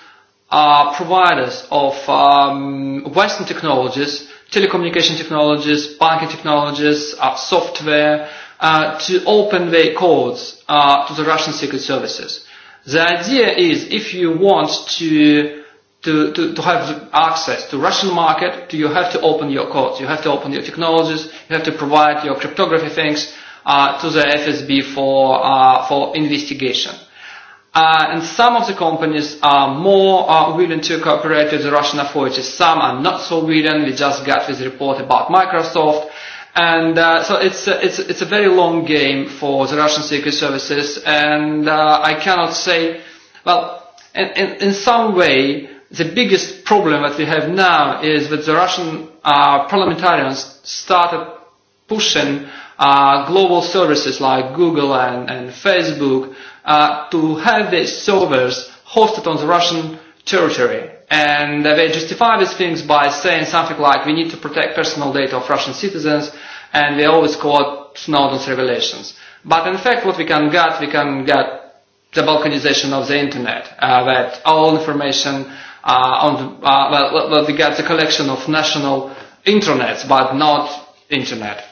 uh, providers of um, Western technologies, telecommunication technologies, banking technologies, uh, software, uh, to open their codes uh, to the Russian secret services. The idea is if you want to to, to, to have access to Russian market, you have to open your codes, you have to open your technologies, you have to provide your cryptography things, uh, to the FSB for, uh, for investigation. Uh, and some of the companies are more uh, willing to cooperate with the Russian authorities. Some are not so willing. We just got this report about Microsoft. And uh, so it's a, uh, it's, it's a very long game for the Russian secret services. And uh, I cannot say, well, in, in, in some way, the biggest problem that we have now is that the Russian uh, parliamentarians started pushing uh, global services like Google and, and Facebook uh, to have these servers hosted on the Russian territory. And they justify these things by saying something like, we need to protect personal data of Russian citizens, and they always quote Snowden's revelations. But in fact, what we can get, we can get the balkanization of the internet, uh, that all information uh, on the, uh, well, well, we get the collection of national intranets, but not internet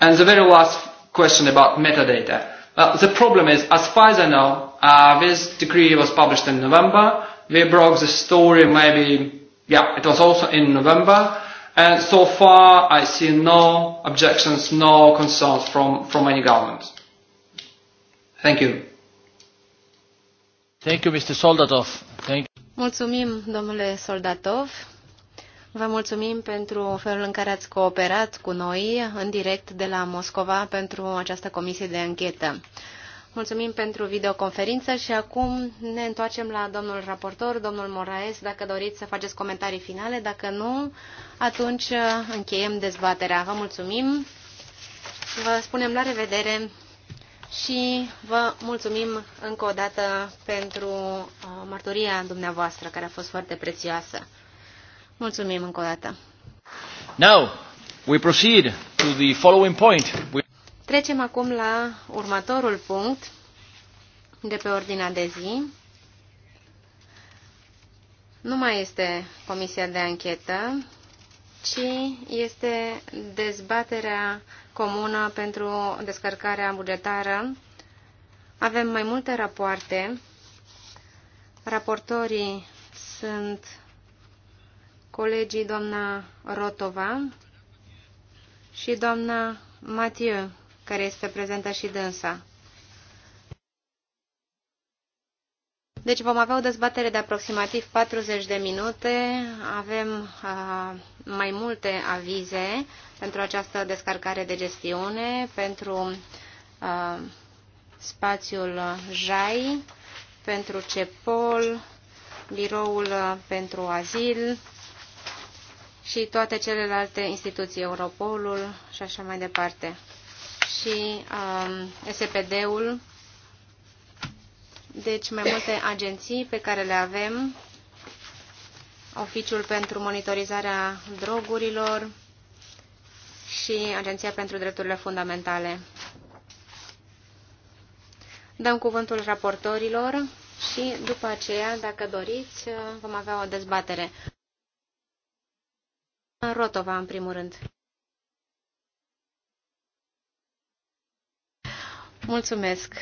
And the very last question about metadata. Uh, the problem is, as far as I know, uh, this decree was published in November. We broke the story maybe, yeah, it was also in November. And so far, I see no objections, no concerns from, from any government. Thank you. Thank you, Mr. Soldatov. Thank you. Mulțumim, domnule Soldatov. Vă mulțumim pentru felul în care ați cooperat cu noi în direct de la Moscova pentru această comisie de închetă. Mulțumim pentru videoconferință și acum ne întoarcem la domnul raportor, domnul Moraes, dacă doriți să faceți comentarii finale, dacă nu, atunci uh, încheiem dezbaterea. Vă mulțumim, vă spunem la revedere și vă mulțumim încă o dată pentru uh, mărturia dumneavoastră, care a fost foarte prețioasă. Mulțumim încă o dată. Now, we proceed to the following point. We... Trecem acum la următorul punct de pe ordinea de zi. Nu mai este comisia de anchetă, ci este dezbaterea comună pentru descărcarea bugetară. Avem mai multe rapoarte. Raportorii sunt colegii doamna Rotova și doamna Mathieu, care este prezentă și dânsa. Deci vom avea o dezbatere de aproximativ 40 de minute. Avem uh, mai multe avize pentru această descărcare de gestiune, pentru uh, spațiul JAI, pentru CEPOL, biroul pentru azil, și toate celelalte instituții, Europolul și așa mai departe. Și um, SPD-ul, deci mai multe agenții pe care le avem, Oficiul pentru Monitorizarea Drogurilor și Agenția pentru Drepturile Fundamentale. Dăm cuvântul raportorilor și după aceea, dacă doriți, vom avea o dezbatere. Rotova, în primul rând. Mulțumesc.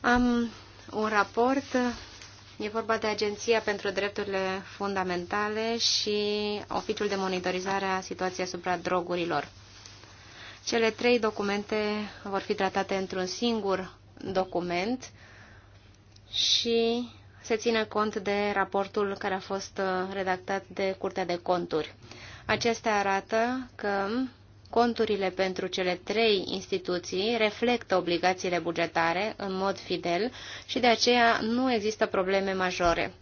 Am un raport. E vorba de Agenția pentru Drepturile Fundamentale și Oficiul de Monitorizare a Situației asupra drogurilor. Cele trei documente vor fi tratate într-un singur document și se ține cont de raportul care a fost uh, redactat de Curtea de Conturi. Acestea arată că conturile pentru cele trei instituții reflectă obligațiile bugetare în mod fidel și de aceea nu există probleme majore.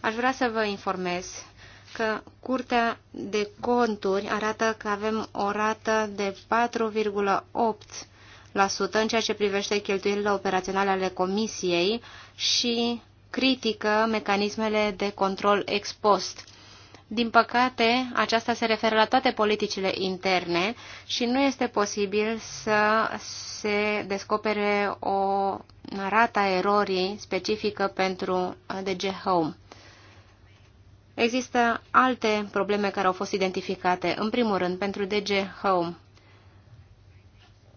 Aș vrea să vă informez că Curtea de Conturi arată că avem o rată de 4,8% în ceea ce privește cheltuielile operaționale ale Comisiei și critică mecanismele de control ex post. Din păcate, aceasta se referă la toate politicile interne și nu este posibil să se descopere o rata erorii specifică pentru uh, DG Home. Există alte probleme care au fost identificate. În primul rând, pentru DG Home,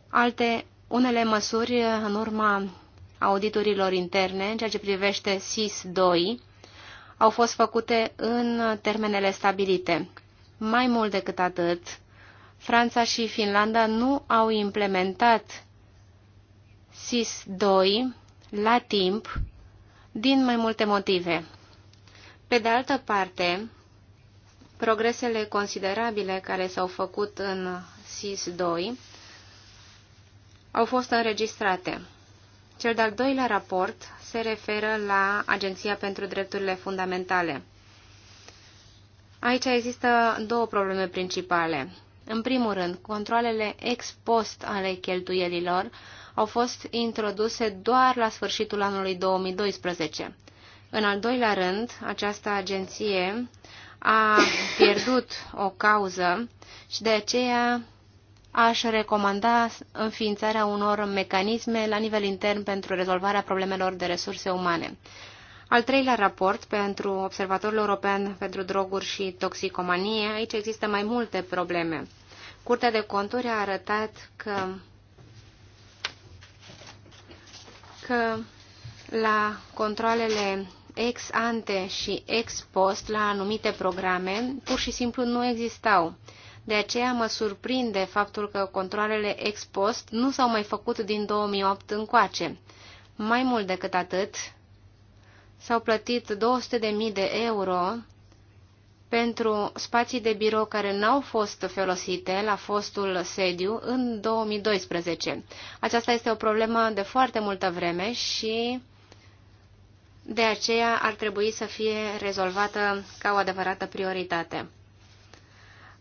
alte unele măsuri în urma auditurilor interne în ceea ce privește SIS-2 au fost făcute în termenele stabilite. Mai mult decât atât, Franța și Finlanda nu au implementat SIS-2 la timp din mai multe motive. Pe de altă parte, progresele considerabile care s-au făcut în SIS-2 au fost înregistrate. Cel de-al doilea raport se referă la Agenția pentru Drepturile Fundamentale. Aici există două probleme principale. În primul rând, controlele ex post ale cheltuielilor au fost introduse doar la sfârșitul anului 2012. În al doilea rând, această agenție a pierdut o cauză și de aceea aș recomanda înființarea unor mecanisme la nivel intern pentru rezolvarea problemelor de resurse umane. Al treilea raport pentru Observatorul European pentru Droguri și Toxicomanie, aici există mai multe probleme. Curtea de conturi a arătat că, că la controlele ex ante și ex post la anumite programe pur și simplu nu existau. De aceea mă surprinde faptul că controlele ex post nu s-au mai făcut din 2008 încoace. Mai mult decât atât, s-au plătit 200.000 de euro pentru spații de birou care n-au fost folosite la fostul sediu în 2012. Aceasta este o problemă de foarte multă vreme și de aceea ar trebui să fie rezolvată ca o adevărată prioritate.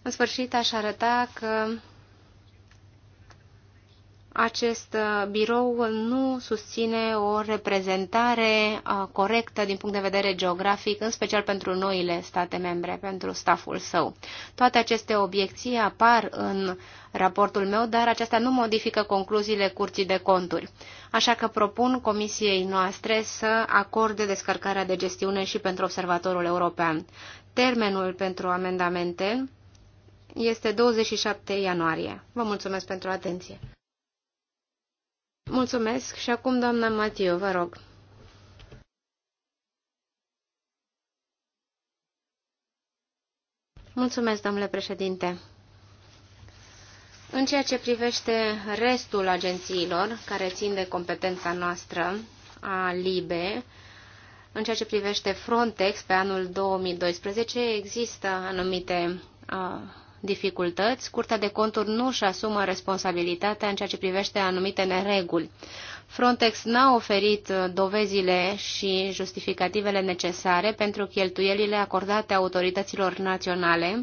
În sfârșit, aș arăta că acest birou nu susține o reprezentare corectă din punct de vedere geografic, în special pentru noile state membre, pentru staful său. Toate aceste obiecții apar în raportul meu, dar aceasta nu modifică concluziile curții de conturi. Așa că propun comisiei noastre să acorde descărcarea de gestiune și pentru observatorul european. Termenul pentru amendamente este 27 ianuarie. Vă mulțumesc pentru atenție. Mulțumesc și acum, doamna Matiu, vă rog. Mulțumesc, domnule președinte. În ceea ce privește restul agențiilor care țin de competența noastră a LIBE, în ceea ce privește Frontex, pe anul 2012 există anumite uh, dificultăți, Curtea de Conturi nu își asumă responsabilitatea în ceea ce privește anumite nereguli. Frontex n-a oferit uh, dovezile și justificativele necesare pentru cheltuielile acordate autorităților naționale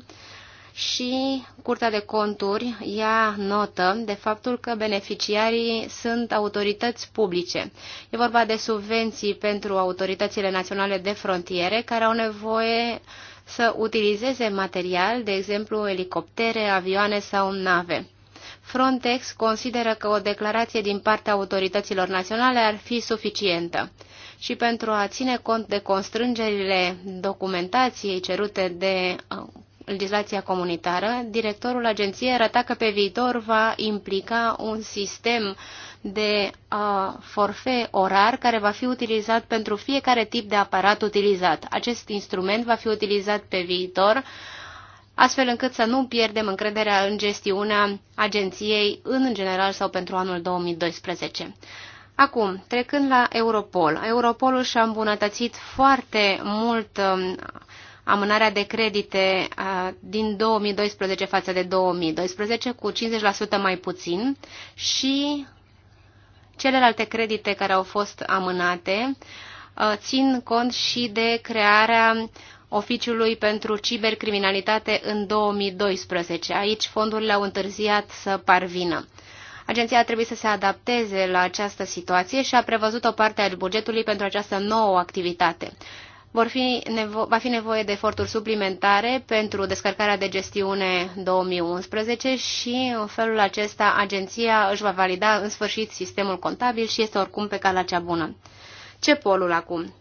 și Curtea de Conturi ia notă de faptul că beneficiarii sunt autorități publice. E vorba de subvenții pentru autoritățile naționale de frontiere care au nevoie să utilizeze material, de exemplu elicoptere, avioane sau nave. Frontex consideră că o declarație din partea autorităților naționale ar fi suficientă și pentru a ține cont de constrângerile documentației cerute de uh, legislația comunitară, directorul agenției arăta că pe viitor va implica un sistem de uh, forfe orar care va fi utilizat pentru fiecare tip de aparat utilizat. Acest instrument va fi utilizat pe viitor astfel încât să nu pierdem încrederea în gestiunea agenției în general sau pentru anul 2012. Acum, trecând la Europol. Europolul și-a îmbunătățit foarte mult um, amânarea de credite din 2012 față de 2012 cu 50% mai puțin și celelalte credite care au fost amânate țin cont și de crearea oficiului pentru cibercriminalitate în 2012. Aici fondurile au întârziat să parvină. Agenția a trebuit să se adapteze la această situație și a prevăzut o parte a bugetului pentru această nouă activitate. Vor fi nevo- va fi nevoie de eforturi suplimentare pentru descărcarea de gestiune 2011 și în felul acesta agenția își va valida în sfârșit sistemul contabil și este oricum pe calea cea bună. Ce polul acum?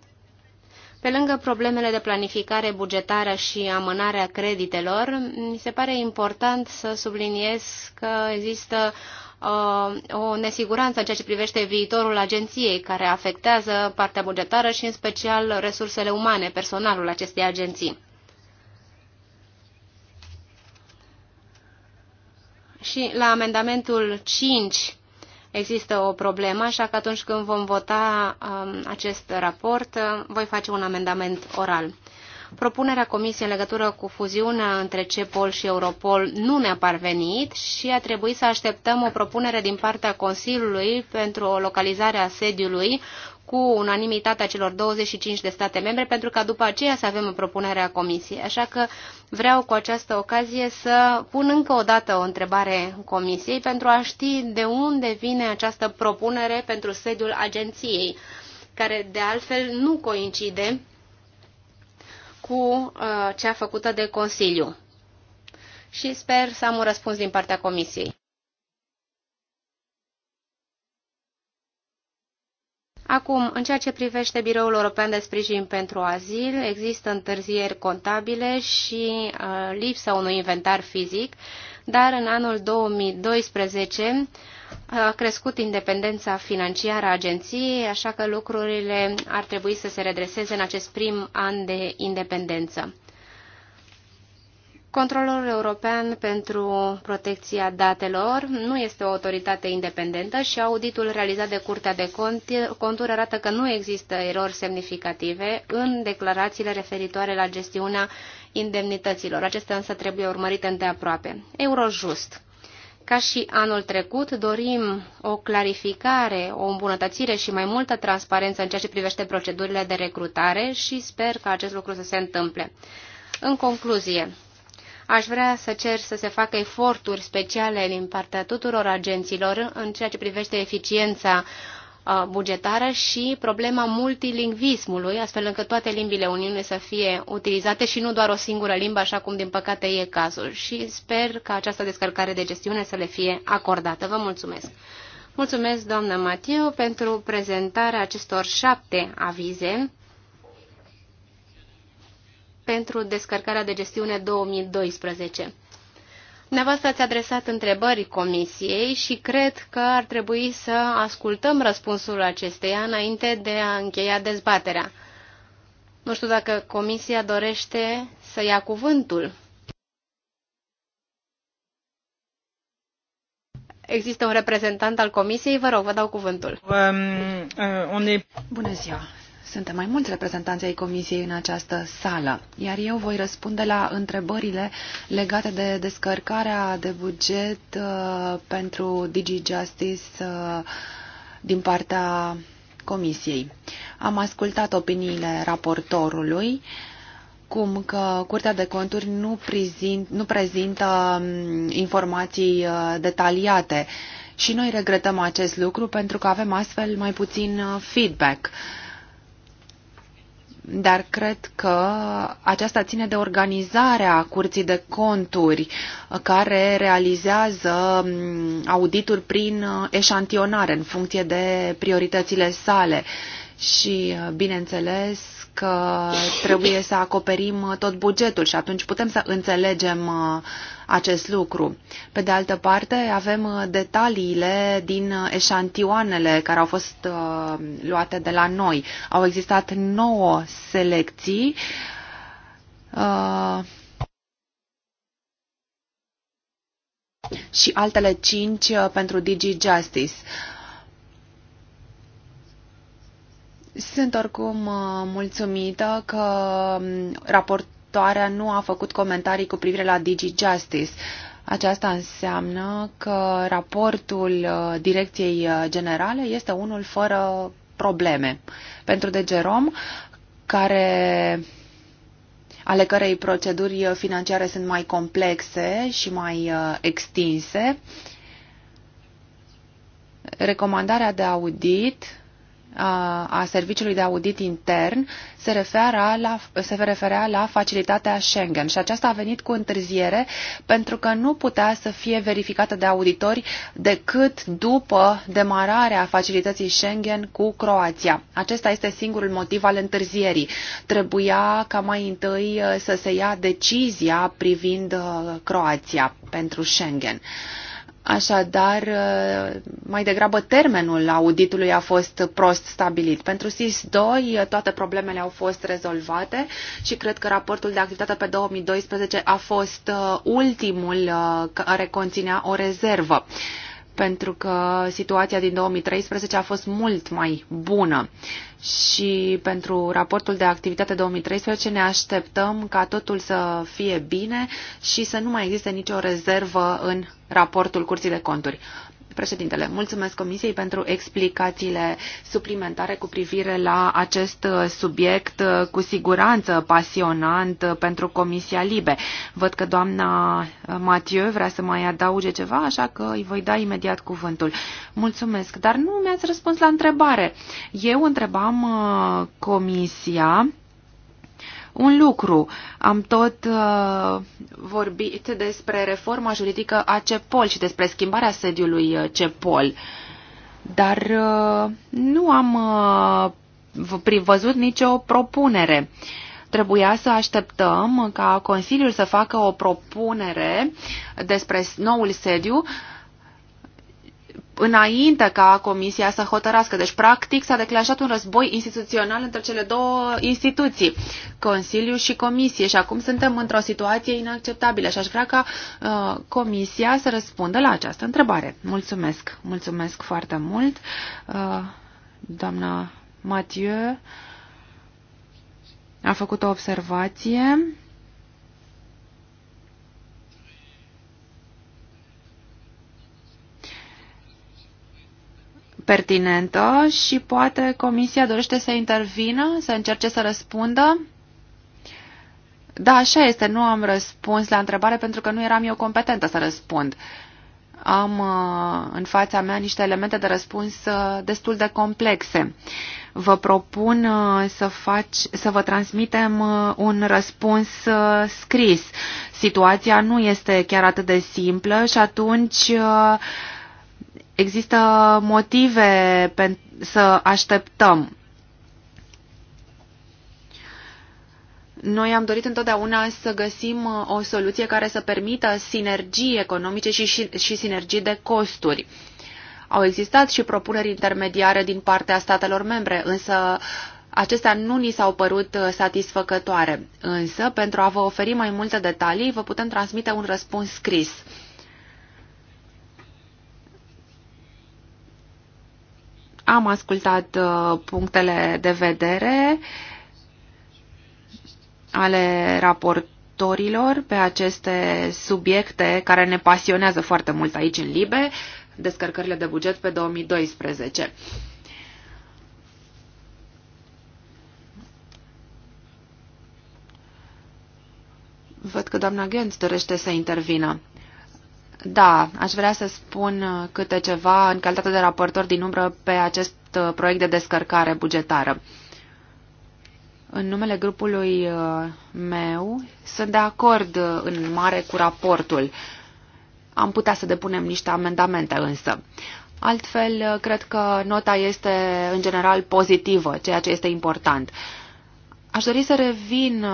Pe lângă problemele de planificare bugetară și amânarea creditelor, mi se pare important să subliniez că există Uh, o nesiguranță în ceea ce privește viitorul agenției, care afectează partea bugetară și în special resursele umane, personalul acestei agenții. Și la amendamentul 5 există o problemă, așa că atunci când vom vota um, acest raport, uh, voi face un amendament oral. Propunerea Comisiei în legătură cu fuziunea între CEPOL și Europol nu ne-a parvenit și a trebuit să așteptăm o propunere din partea Consiliului pentru o localizare a sediului cu unanimitatea celor 25 de state membre, pentru ca după aceea să avem propunerea Comisiei. Așa că vreau cu această ocazie să pun încă o dată o întrebare Comisiei pentru a ști de unde vine această propunere pentru sediul agenției, care de altfel nu coincide cu uh, cea făcută de Consiliu. Și sper să am un răspuns din partea Comisiei. Acum, în ceea ce privește Biroul European de Sprijin pentru Azil, există întârzieri contabile și uh, lipsa unui inventar fizic, dar în anul 2012 a crescut independența financiară a agenției, așa că lucrurile ar trebui să se redreseze în acest prim an de independență. Controlorul European pentru Protecția Datelor nu este o autoritate independentă și auditul realizat de Curtea de Conturi arată că nu există erori semnificative în declarațiile referitoare la gestiunea indemnităților. Acestea însă trebuie urmărite îndeaproape. Eurojust. Ca și anul trecut, dorim o clarificare, o îmbunătățire și mai multă transparență în ceea ce privește procedurile de recrutare și sper că acest lucru să se întâmple. În concluzie, aș vrea să cer să se facă eforturi speciale din partea tuturor agenților în ceea ce privește eficiența uh, bugetară și problema multilingvismului, astfel încât toate limbile Uniunii să fie utilizate și nu doar o singură limbă, așa cum din păcate e cazul. Și sper că această descărcare de gestiune să le fie acordată. Vă mulțumesc! Mulțumesc, doamnă Matiu, pentru prezentarea acestor șapte avize pentru descărcarea de gestiune 2012. Dumneavoastră ați adresat întrebări comisiei și cred că ar trebui să ascultăm răspunsul acesteia înainte de a încheia dezbaterea. Nu știu dacă comisia dorește să ia cuvântul. Există un reprezentant al comisiei, vă rog, vă dau cuvântul. Um, uh, Bună ziua! Suntem mai mulți reprezentanți ai Comisiei în această sală, iar eu voi răspunde la întrebările legate de descărcarea de buget uh, pentru Digi Justice uh, din partea Comisiei. Am ascultat opiniile raportorului, cum că Curtea de Conturi nu, prezint, nu prezintă um, informații uh, detaliate și noi regretăm acest lucru pentru că avem astfel mai puțin uh, feedback dar cred că aceasta ține de organizarea curții de conturi care realizează audituri prin uh, eșantionare în funcție de prioritățile sale și, uh, bineînțeles, că trebuie să acoperim tot bugetul și atunci putem să înțelegem uh, acest lucru. Pe de altă parte, avem uh, detaliile din uh, eșantioanele care au fost luate de la noi. Au existat nouă selecții. și altele cinci pentru Digi Justice. Uh, Sunt oricum uh, mulțumită că um, raportoarea nu a făcut comentarii cu privire la Digi Justice. Aceasta înseamnă că raportul uh, Direcției uh, Generale este unul fără probleme. Pentru Gerom, care ale cărei proceduri financiare sunt mai complexe și mai extinse. Recomandarea de audit a Serviciului de Audit Intern se referea, la, se referea la facilitatea Schengen și aceasta a venit cu întârziere pentru că nu putea să fie verificată de auditori decât după demararea facilității Schengen cu Croația. Acesta este singurul motiv al întârzierii. Trebuia ca mai întâi uh, să se ia decizia privind uh, Croația pentru Schengen. Uh, Așadar, uh, mai degrabă termenul auditului a fost prost stabilit. Pentru SIS-2 uh, toate problemele au fost rezolvate și cred că raportul de activitate pe 2012 a fost uh, ultimul care conținea o rezervă pentru că situația din 2013 a fost mult mai bună și pentru raportul de activitate 2013 ne așteptăm ca totul să fie bine și să nu mai existe nicio rezervă în raportul Curții de Conturi. Președintele, mulțumesc Comisiei pentru explicațiile suplimentare cu privire la acest subiect cu siguranță pasionant pentru Comisia Libe. Văd că doamna Mathieu vrea să mai adauge ceva, așa că îi voi da imediat cuvântul. Mulțumesc, dar nu mi-ați răspuns la întrebare. Eu întrebam uh, Comisia un lucru. Am tot uh, vorbit despre reforma juridică a CEPOL și despre schimbarea sediului uh, CEPOL, dar uh, nu am uh, privăzut nicio propunere. Trebuia să așteptăm ca Consiliul să facă o propunere despre noul sediu uh, înainte ca Comisia să hotărască. Deci, practic, s-a declanșat un război instituțional între cele două instituții, Consiliu și Comisie, și acum suntem într-o situație inacceptabilă și aș vrea ca uh, Comisia să răspundă la această întrebare. Mulțumesc, mulțumesc foarte mult, uh, doamna Mathieu. A făcut o observație. pertinentă și poate Comisia dorește să intervină, să încerce să răspundă. Da, așa este, nu am răspuns la întrebare pentru că nu eram eu competentă să răspund. Am uh, în fața mea niște elemente de răspuns uh, destul de complexe. Vă propun uh, să, faci, să vă transmitem un răspuns scris. Situația nu este chiar atât de simplă și atunci Există motive să așteptăm. Noi am dorit întotdeauna să găsim uh, o soluție care să permită sinergii economice și, și, și sinergii de costuri. Au existat și propuneri intermediare din partea statelor membre, însă acestea nu ni s-au părut uh, satisfăcătoare. Însă, pentru a vă oferi mai multe detalii, vă putem transmite un răspuns scris. Am ascultat uh, punctele de vedere ale raportorilor pe aceste subiecte care ne pasionează foarte mult aici în Libe, descărcările de buget pe 2012. Văd că doamna Gantz dorește să intervină. Da, aș vrea să spun uh, câte ceva în calitate de raportor din umbră pe acest uh, proiect de descărcare bugetară. În numele grupului uh, meu sunt de acord în mare cu raportul. Am putea să depunem niște amendamente însă. Altfel, cred că nota este în general pozitivă, ceea ce este important. Aș dori să revin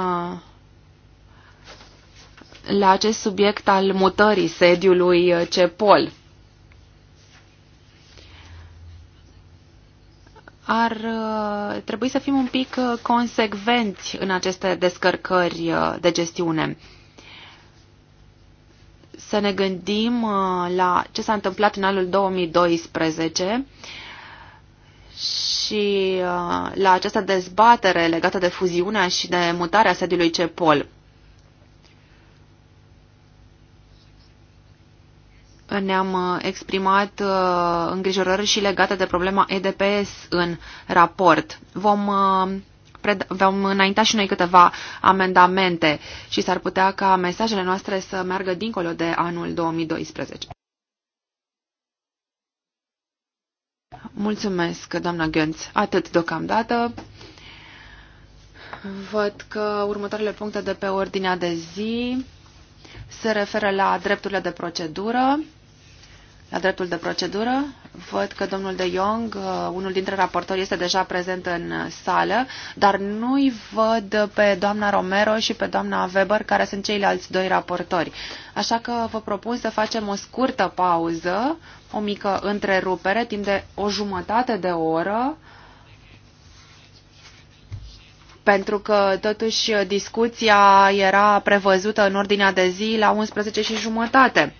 la acest subiect al mutării sediului uh, CEPOL. Ar uh, trebui să fim un pic uh, consecvenți în aceste descărcări de gestiune. Să ne gândim la ce s-a întâmplat în anul 2012 și la această dezbatere legată de fuziunea și de mutarea sediului CEPOL. ne-am uh, exprimat uh, îngrijorări și legate de problema EDPS în raport. Vom, uh, vom înainta și noi câteva amendamente și s-ar putea ca mesajele noastre să meargă dincolo de anul 2012. Mulțumesc, doamna Gönț. Atât deocamdată. Văd că următoarele puncte de pe ordinea de zi se referă la drepturile de procedură la dreptul de procedură. Văd că domnul de Jong, uh, unul dintre raportori, este deja prezent în sală, dar nu-i văd pe doamna Romero și pe doamna Weber, care sunt ceilalți doi raportori. Așa că vă propun să facem o scurtă pauză, o mică întrerupere, timp de o jumătate de oră, pentru că totuși discuția era prevăzută în ordinea de zi la 11 și jumătate.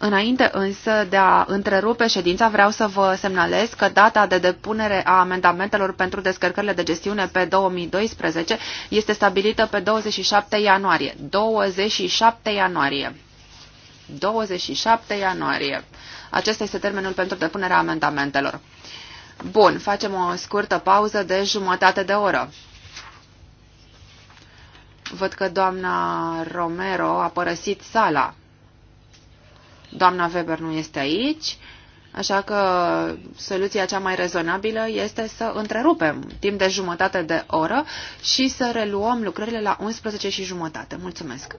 Înainte însă de a întrerupe ședința, vreau să vă semnalez că data de depunere a amendamentelor pentru descărcările de gestiune pe 2012 este stabilită pe 27 ianuarie. 27 ianuarie. 27 ianuarie. Acesta este termenul pentru depunerea amendamentelor. Bun, facem o scurtă pauză de jumătate de oră. Văd că doamna Romero a părăsit sala. Doamna Weber nu este aici, așa că soluția cea mai rezonabilă este să întrerupem timp de jumătate de oră și să reluăm lucrările la 11 și jumătate. Mulțumesc!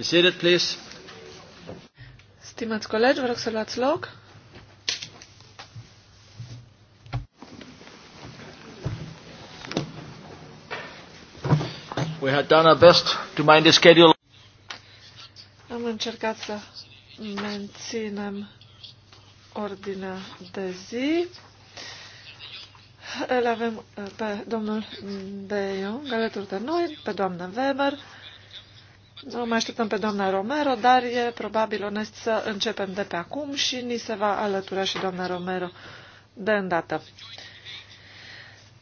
Be seated, please. Stimați colegi, vă rog să luați loc. We had done our best to mind the schedule. Am încercat să menținem ordinea de zi. Îl avem uh, pe domnul De Jong alături de noi, pe doamna Weber, mai așteptăm pe doamna Romero, dar e probabil onest să începem de pe acum și ni se va alătura și doamna Romero de îndată.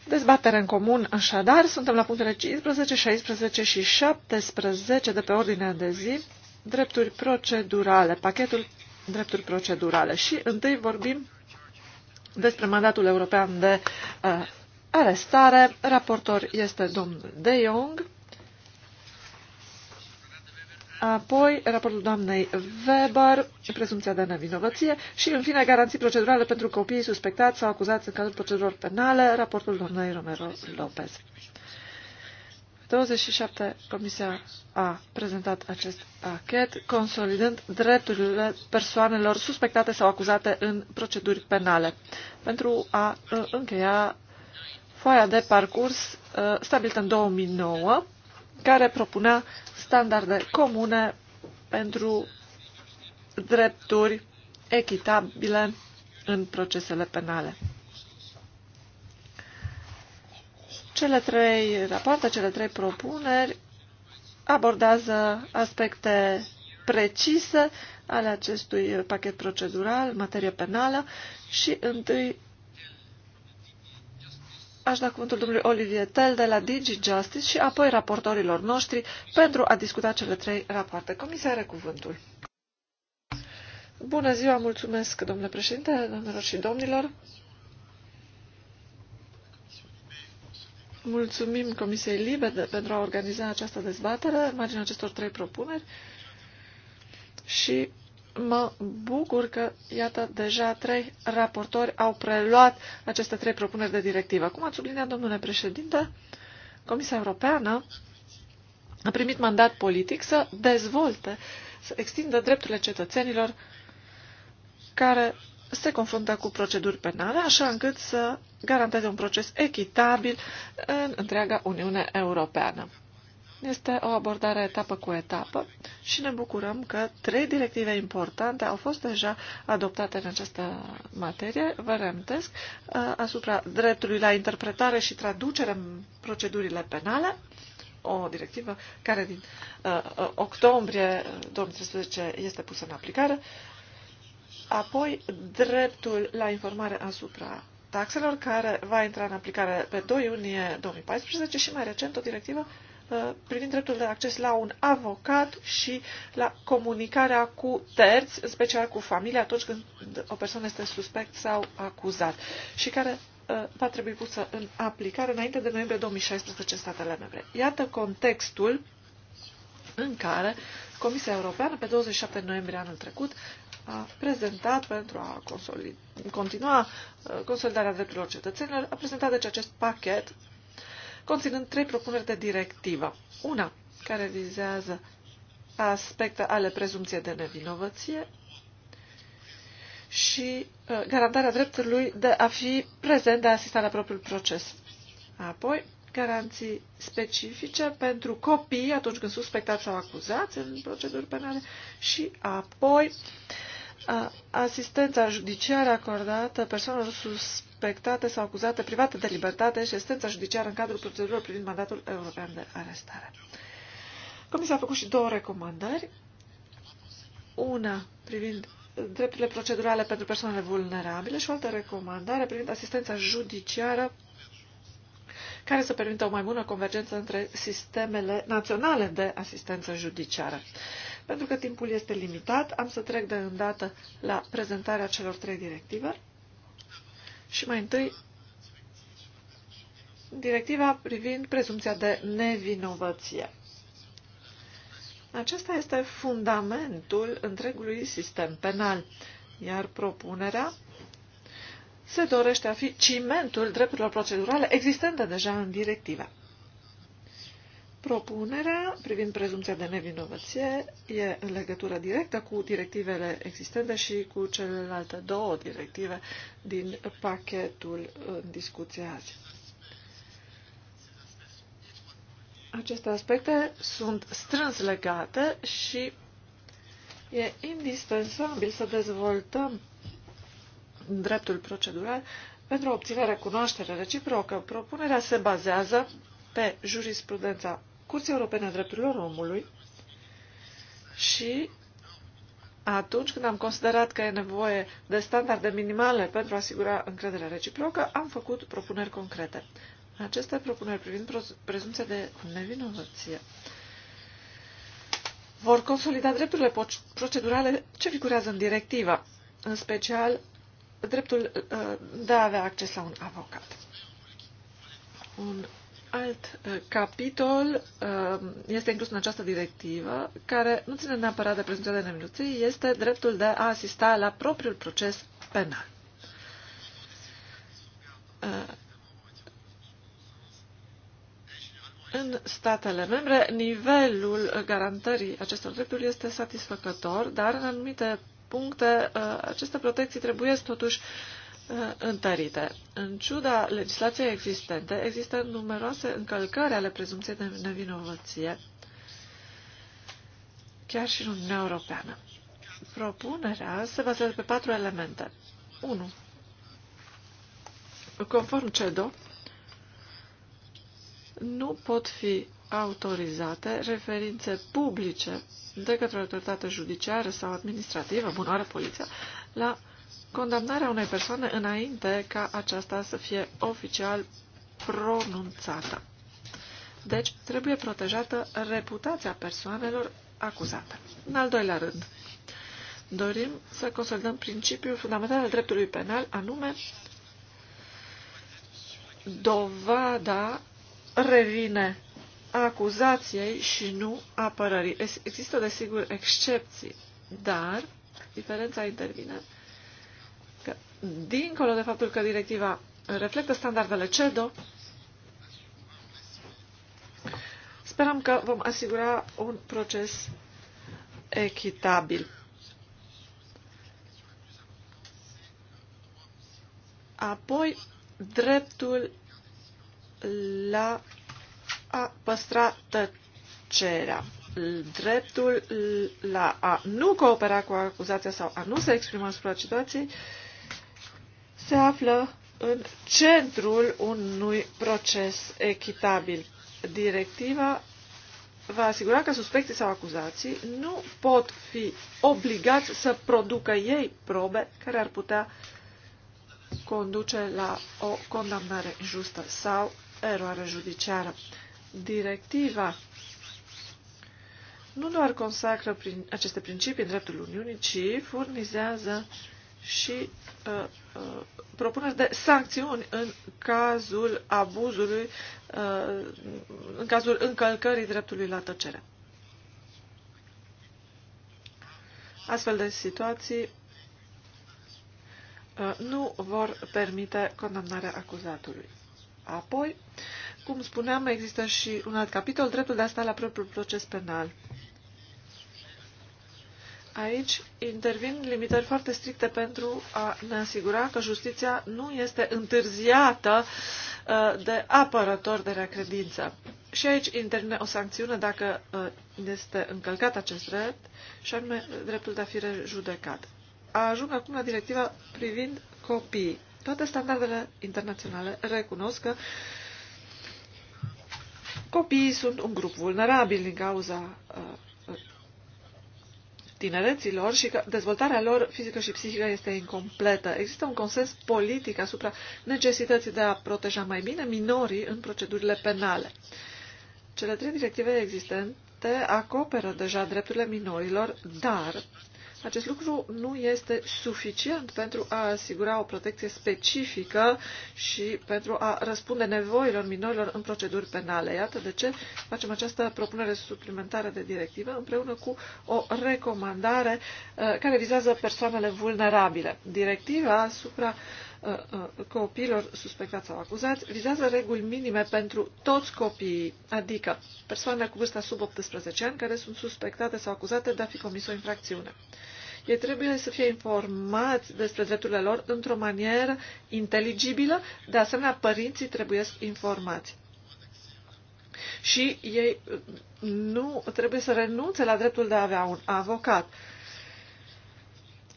Dezbatere în comun, așadar, suntem la punctele 15, 16 și 17 de pe ordinea de zi, drepturi procedurale, pachetul drepturi procedurale. Și întâi vorbim despre mandatul european de uh, arestare. Raportor este domnul De Jong. Apoi, raportul doamnei Weber, prezumția de nevinovăție și, în fine, garanții procedurale pentru copiii suspectați sau acuzați în cadrul procedurilor penale, raportul doamnei Romero Lopez. 27. Comisia a prezentat acest pachet, consolidând drepturile persoanelor suspectate sau acuzate în proceduri penale, pentru a uh, încheia foaia de parcurs uh, stabilită în 2009 care propunea standarde comune pentru drepturi echitabile în procesele penale. Cele trei rapoarte, cele trei propuneri abordează aspecte precise ale acestui pachet procedural, materie penală și întâi aș da cuvântul domnului Olivier Tel de la Digi Justice și apoi raportorilor noștri pentru a discuta cele trei rapoarte. Comisia are cuvântul. Bună ziua, mulțumesc, domnule președinte, domnilor și domnilor. Mulțumim Comisiei Libe pentru a organiza această dezbatere, în marginea acestor trei propuneri și Mă bucur că, iată, deja trei raportori au preluat aceste trei propuneri de directivă. Cum ați subliniat, domnule președinte, Comisia Europeană a primit mandat politic să dezvolte, să extindă drepturile cetățenilor care se confruntă cu proceduri penale, așa încât să garanteze un proces echitabil în întreaga Uniune Europeană. Este o abordare etapă cu etapă și ne bucurăm că trei directive importante au fost deja adoptate în această materie. Vă reamintesc uh, asupra dreptului la interpretare și traducere în procedurile penale, o directivă care din uh, uh octombrie 2013 este pusă în aplicare. Apoi, dreptul la informare asupra taxelor, care va intra în aplicare pe 2 iunie 2014 și mai recent o directivă Uh, privind dreptul de acces la un avocat și la comunicarea cu terți, în special cu familia, atunci când o persoană este suspect sau acuzat și care uh, va trebui pusă în aplicare înainte de noiembrie 2016 în statele membre. Iată contextul în care Comisia Europeană, pe 27 noiembrie anul trecut, a prezentat pentru a consolid, continua uh, consolidarea drepturilor cetățenilor, a prezentat deci acest pachet conținând trei propuneri de directivă. Una care vizează aspecte ale prezumției de nevinovăție și uh, garantarea dreptului de a fi prezent, de a asista la propriul proces. Apoi, garanții specifice pentru copii atunci când suspectați sau acuzați în proceduri penale și apoi uh, asistența judiciară acordată persoanelor suspectate sau acuzate private de libertate și asistența judiciară în cadrul procedurilor privind mandatul european de arestare. Comisia a făcut și două recomandări. Una privind drepturile procedurale pentru persoanele vulnerabile și o altă recomandare privind asistența judiciară care să permită o mai bună convergență între sistemele naționale de asistență judiciară. Pentru că timpul este limitat, am să trec de îndată la prezentarea celor trei directive și mai întâi directiva privind prezumția de nevinovăție. Acesta este fundamentul întregului sistem penal, iar propunerea se dorește a fi cimentul drepturilor procedurale existente deja în directiva. Propunerea privind prezumția de nevinovăție e în legătură directă cu directivele existente și cu celelalte două directive din pachetul în discuție azi. Aceste aspecte sunt strâns legate și e indispensabil să dezvoltăm dreptul procedural pentru obținerea cunoașterii reciprocă. Propunerea se bazează pe jurisprudența Curții Europene a Drepturilor Omului și atunci când am considerat că e nevoie de standarde minimale pentru a asigura încrederea reciprocă, am făcut propuneri concrete. Aceste propuneri privind prezumția de nevinovăție vor consolida drepturile procedurale ce figurează în directiva, în special dreptul uh, de a avea acces la un avocat. Un alt uh, capitol uh, este inclus în această directivă, care nu ține neapărat de prezumția de nemiluții, este dreptul de a asista la propriul proces penal. Uh, în statele membre, nivelul garantării acestor drepturi este satisfăcător, dar în anumite puncte uh, aceste protecții trebuie totuși Uh, întărite. În ciuda legislației existente, există numeroase încălcări ale prezumției de nevinovăție, chiar și în Uniunea Europeană. Propunerea se bazează pe patru elemente. 1. Conform CEDO, nu pot fi autorizate referințe publice de către autoritate judiciară sau administrativă, bunoare poliția, la uh, condamnarea unei persoane înainte ca aceasta să fie oficial pronunțată. Deci, trebuie protejată reputația persoanelor acuzate. În al doilea rând, dorim să consolidăm principiul fundamental al dreptului penal, anume dovada revine acuzației și nu apărării. Există, desigur, excepții, dar diferența intervine că, dincolo de faptul că directiva reflectă standardele CEDO, sperăm că vom asigura un proces echitabil. Apoi, dreptul la a păstra tăcerea, dreptul la a nu coopera cu acuzația sau a nu se exprima asupra situației, se află în centrul unui proces echitabil. Directiva va asigura că suspecții sau acuzații nu pot fi obligați să producă ei probe care ar putea conduce la o condamnare justă sau eroare judiciară. Directiva nu doar consacră prin aceste principii în dreptul Uniunii, ci furnizează și uh, propuneri de sancțiuni în cazul abuzului, în cazul încălcării dreptului la tăcere. Astfel de situații uh, nu vor permite condamnarea acuzatului. Apoi, cum spuneam, există și un alt capitol, dreptul de a sta la propriul proces penal. Aici intervin limitări foarte stricte pentru a ne asigura că justiția nu este întârziată uh, de apărător de la credință. Și aici intervine o sancțiune dacă uh, este încălcat acest drept, și anume dreptul de a fi rejudecat. Ajung acum la directiva privind copiii. Toate standardele internaționale recunosc că copiii sunt un grup vulnerabil din cauza uh, tinereților și că dezvoltarea lor fizică și psihică este incompletă. Există un consens politic asupra necesității de a proteja mai bine minorii în procedurile penale. Cele trei directive existente acoperă deja drepturile minorilor, dar acest lucru nu este suficient pentru a asigura o protecție specifică și pentru a răspunde nevoilor minorilor în proceduri penale. Iată de ce facem această propunere suplimentară de directivă împreună cu o recomandare uh, care vizează persoanele vulnerabile. Directiva asupra uh, Uh, uh, copiilor suspectați sau acuzați vizează reguli minime pentru toți copiii, adică persoanele cu vârsta sub 18 ani care sunt suspectate sau acuzate de a fi comis o infracțiune. Ei trebuie să fie informați despre drepturile lor într-o manieră inteligibilă, de asemenea părinții trebuie informați. Și ei uh, nu trebuie să renunțe la dreptul de a avea un avocat.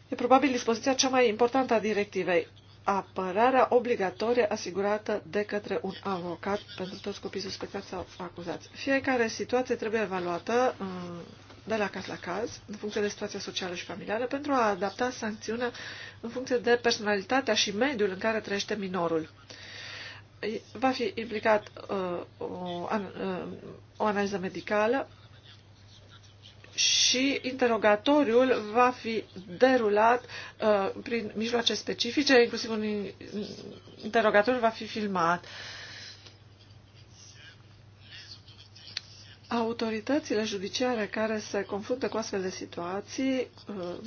E probabil dispoziția cea mai importantă a directivei apărarea obligatorie asigurată de către un avocat pentru toți copiii suspectați sau acuzați. Fiecare situație trebuie evaluată mm, de la caz la caz, în funcție de situația socială și familială, pentru a adapta sancțiunea în funcție de personalitatea și mediul în care trăiește minorul. Va fi implicat uh, o, an, uh, o analiză medicală și interogatoriul va fi derulat uh, prin mijloace specifice, inclusiv un interogatoriu va fi filmat. Autoritățile judiciare care se confruntă cu astfel de situații uh,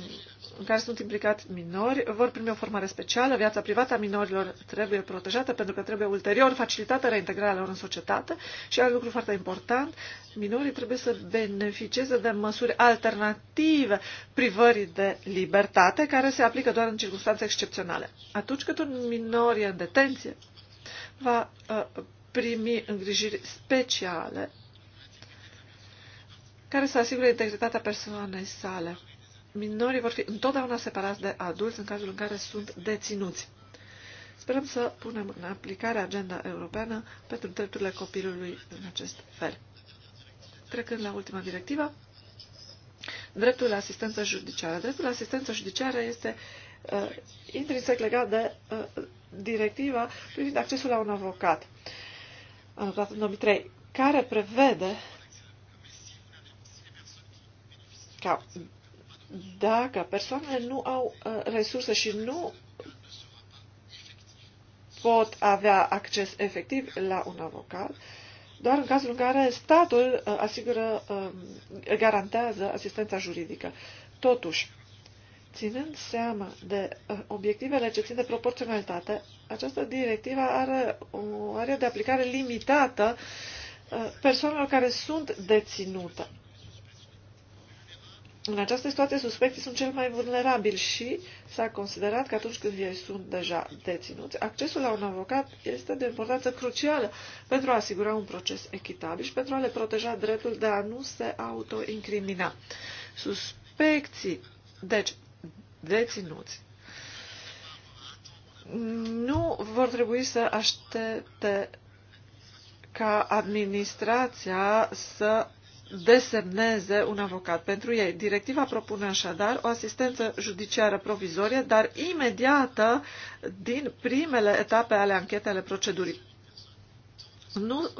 în care sunt implicați minori vor primi o formare specială, viața privată a minorilor trebuie protejată pentru că trebuie ulterior facilitată reintegrarea lor în societate și alt lucru foarte important, minorii trebuie să beneficieze de măsuri alternative privării de libertate care se aplică doar în circunstanțe excepționale. Atunci când un minor e în detenție, va uh, primi îngrijiri speciale care să asigure integritatea persoanei sale minorii vor fi întotdeauna separați de adulți în cazul în care sunt deținuți. Sperăm să punem în aplicare agenda europeană pentru drepturile copilului în acest fel. Trecând la ultima directivă, dreptul la asistență judiciară. Dreptul la asistență judiciară este uh, intrinsec legat de uh, directiva privind accesul la un avocat, adoptată în 2003, care prevede ca dacă persoanele nu au uh, resurse și nu pot avea acces efectiv la un avocat, doar în cazul în care statul uh, asigură, uh, garantează asistența juridică. Totuși, ținând seama de uh, obiectivele ce țin de proporționalitate, această directivă are o area de aplicare limitată uh, persoanelor care sunt deținute. În această situație, suspecții sunt cel mai vulnerabili și s-a considerat că atunci când ei sunt deja deținuți, accesul la un avocat este de importanță crucială pentru a asigura un proces echitabil și pentru a le proteja dreptul de a nu se autoincrimina. Suspecții, deci deținuți, nu vor trebui să aștepte ca administrația să desemneze un avocat pentru ei. Directiva propune așadar o asistență judiciară provizorie, dar imediată din primele etape ale anchetei ale procedurii nu,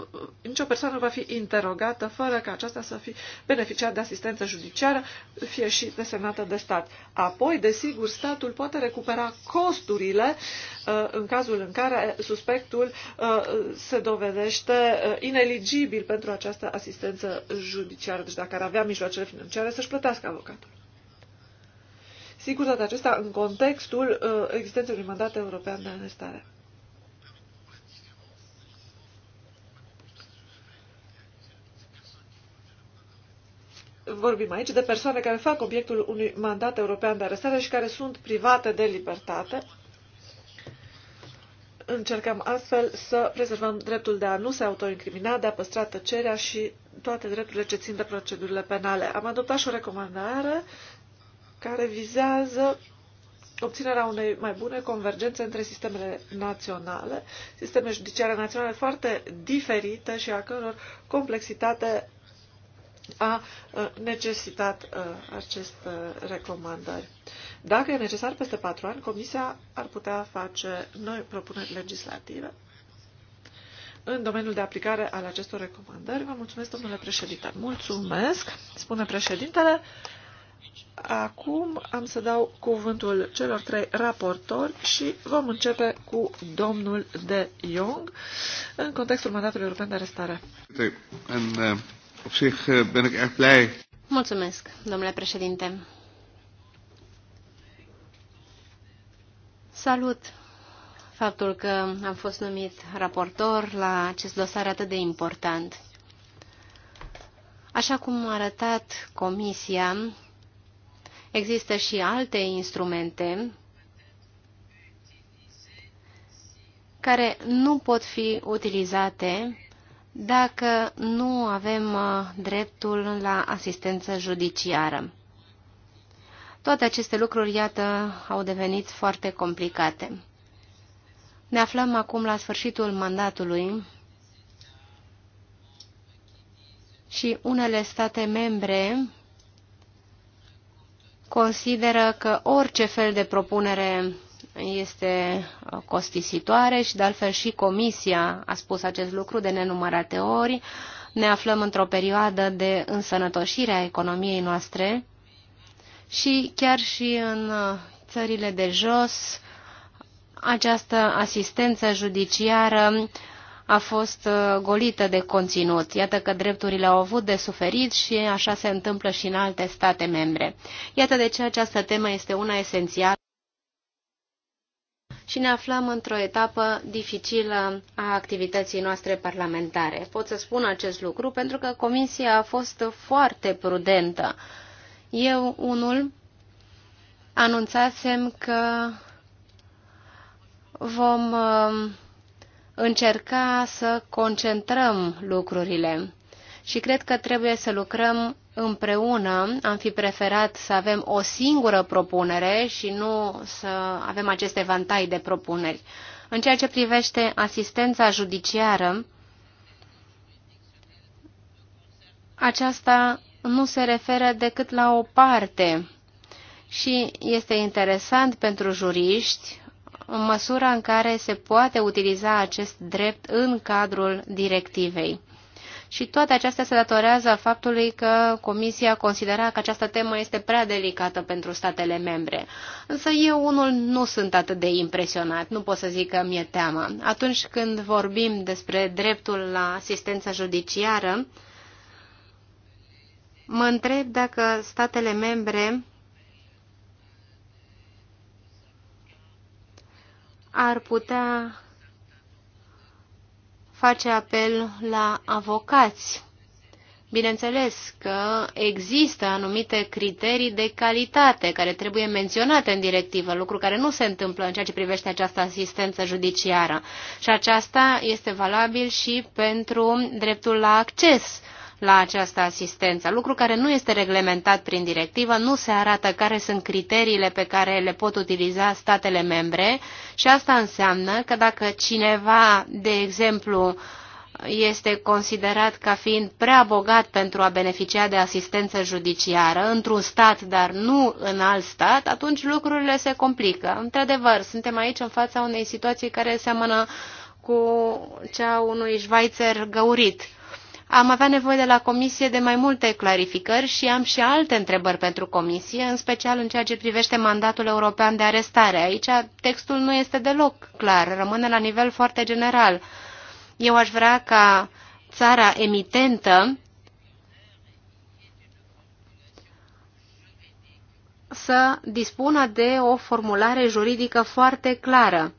nicio persoană nu va fi interogată fără ca aceasta să fi beneficiat de asistență judiciară, fie și desemnată de stat. Apoi, desigur, statul poate recupera costurile uh, în cazul în care suspectul uh, se dovedește uh, ineligibil pentru această asistență judiciară, deci dacă ar avea mijloacele financiare să-și plătească avocatul. Sigur, toate acestea în contextul existenței unui mandat european de anestare. vorbim aici de persoane care fac obiectul unui mandat european de arestare și care sunt private de libertate. Încercăm astfel să prezervăm dreptul de a nu se autoincrimina, de a păstra tăcerea și toate drepturile ce țin de procedurile penale. Am adoptat și o recomandare care vizează obținerea unei mai bune convergențe între sistemele naționale, sisteme judiciare naționale foarte diferite și a căror complexitate a necesitat aceste recomandări. Dacă e necesar, peste patru ani, Comisia ar putea face noi propuneri legislative în domeniul de aplicare al acestor recomandări. Vă mulțumesc, domnule președinte. Mulțumesc, spune președintele. Acum am să dau cuvântul celor trei raportori și vom începe cu domnul De Jong în contextul mandatului european de arestare. Uh, Op zich eh, ben ik erg blij. Mulțumesc, domnule președinte. Salut faptul că am fost numit raportor la acest dosar atât de important. Așa cum a arătat Comisia, există și alte instrumente care nu pot fi utilizate dacă nu avem uh, dreptul la asistență judiciară. Toate aceste lucruri, iată, au devenit foarte complicate. Ne aflăm acum la sfârșitul mandatului și unele state membre consideră că orice fel de propunere este uh, costisitoare și de altfel și Comisia a spus acest lucru de nenumărate ori. Ne aflăm într-o perioadă de însănătoșire a economiei noastre și chiar și în uh, țările de jos această asistență judiciară a fost uh, golită de conținut. Iată că drepturile au avut de suferit și așa se întâmplă și în alte state membre. Iată de ce această temă este una esențială și ne aflăm într-o etapă dificilă a activității noastre parlamentare. Pot să spun acest lucru pentru că Comisia a fost foarte prudentă. Eu, unul, anunțasem că vom um, încerca să concentrăm lucrurile și cred că trebuie să lucrăm împreună am fi preferat să avem o singură propunere și nu să avem aceste vantai de propuneri. În ceea ce privește asistența judiciară, aceasta nu se referă decât la o parte și este interesant pentru juriști în măsura în care se poate utiliza acest drept în cadrul directivei. Și toate acestea se datorează faptului că Comisia considera că această temă este prea delicată pentru statele membre. Însă eu unul nu sunt atât de impresionat, nu pot să zic că mi-e teamă. Atunci când vorbim despre dreptul la asistență judiciară, mă întreb dacă statele membre ar putea face apel la avocați. Bineînțeles că există anumite criterii de calitate care trebuie menționate în directivă, lucru care nu se întâmplă în ceea ce privește această asistență judiciară. Și aceasta este valabil și pentru dreptul la acces la această asistență, lucru care nu este reglementat prin directivă, nu se arată care sunt criteriile pe care le pot utiliza statele membre și asta înseamnă că dacă cineva, de exemplu, este considerat ca fiind prea bogat pentru a beneficia de asistență judiciară într-un stat, dar nu în alt stat, atunci lucrurile se complică. Într-adevăr, suntem aici în fața unei situații care seamănă cu cea unui șvaițer găurit. Am avea nevoie de la comisie de mai multe clarificări și am și alte întrebări pentru comisie, în special în ceea ce privește mandatul european de arestare. Aici textul nu este deloc clar, rămâne la nivel foarte general. Eu aș vrea ca țara emitentă să dispună de o formulare juridică foarte clară.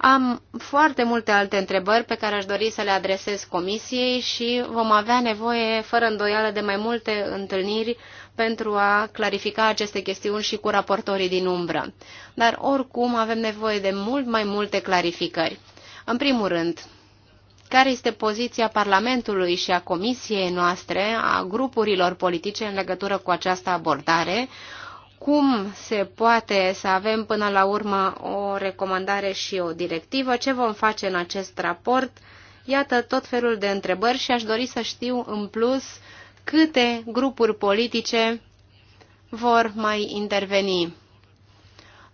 Am foarte multe alte întrebări pe care aș dori să le adresez comisiei și vom avea nevoie, fără îndoială, de mai multe întâlniri pentru a clarifica aceste chestiuni și cu raportorii din umbră. Dar, oricum, avem nevoie de mult mai multe clarificări. În primul rând, care este poziția Parlamentului și a Comisiei noastre, a grupurilor politice în legătură cu această abordare, cum se poate să avem până la urmă o recomandare și o directivă, ce vom face în acest raport. Iată tot felul de întrebări și aș dori să știu în plus câte grupuri politice vor mai interveni.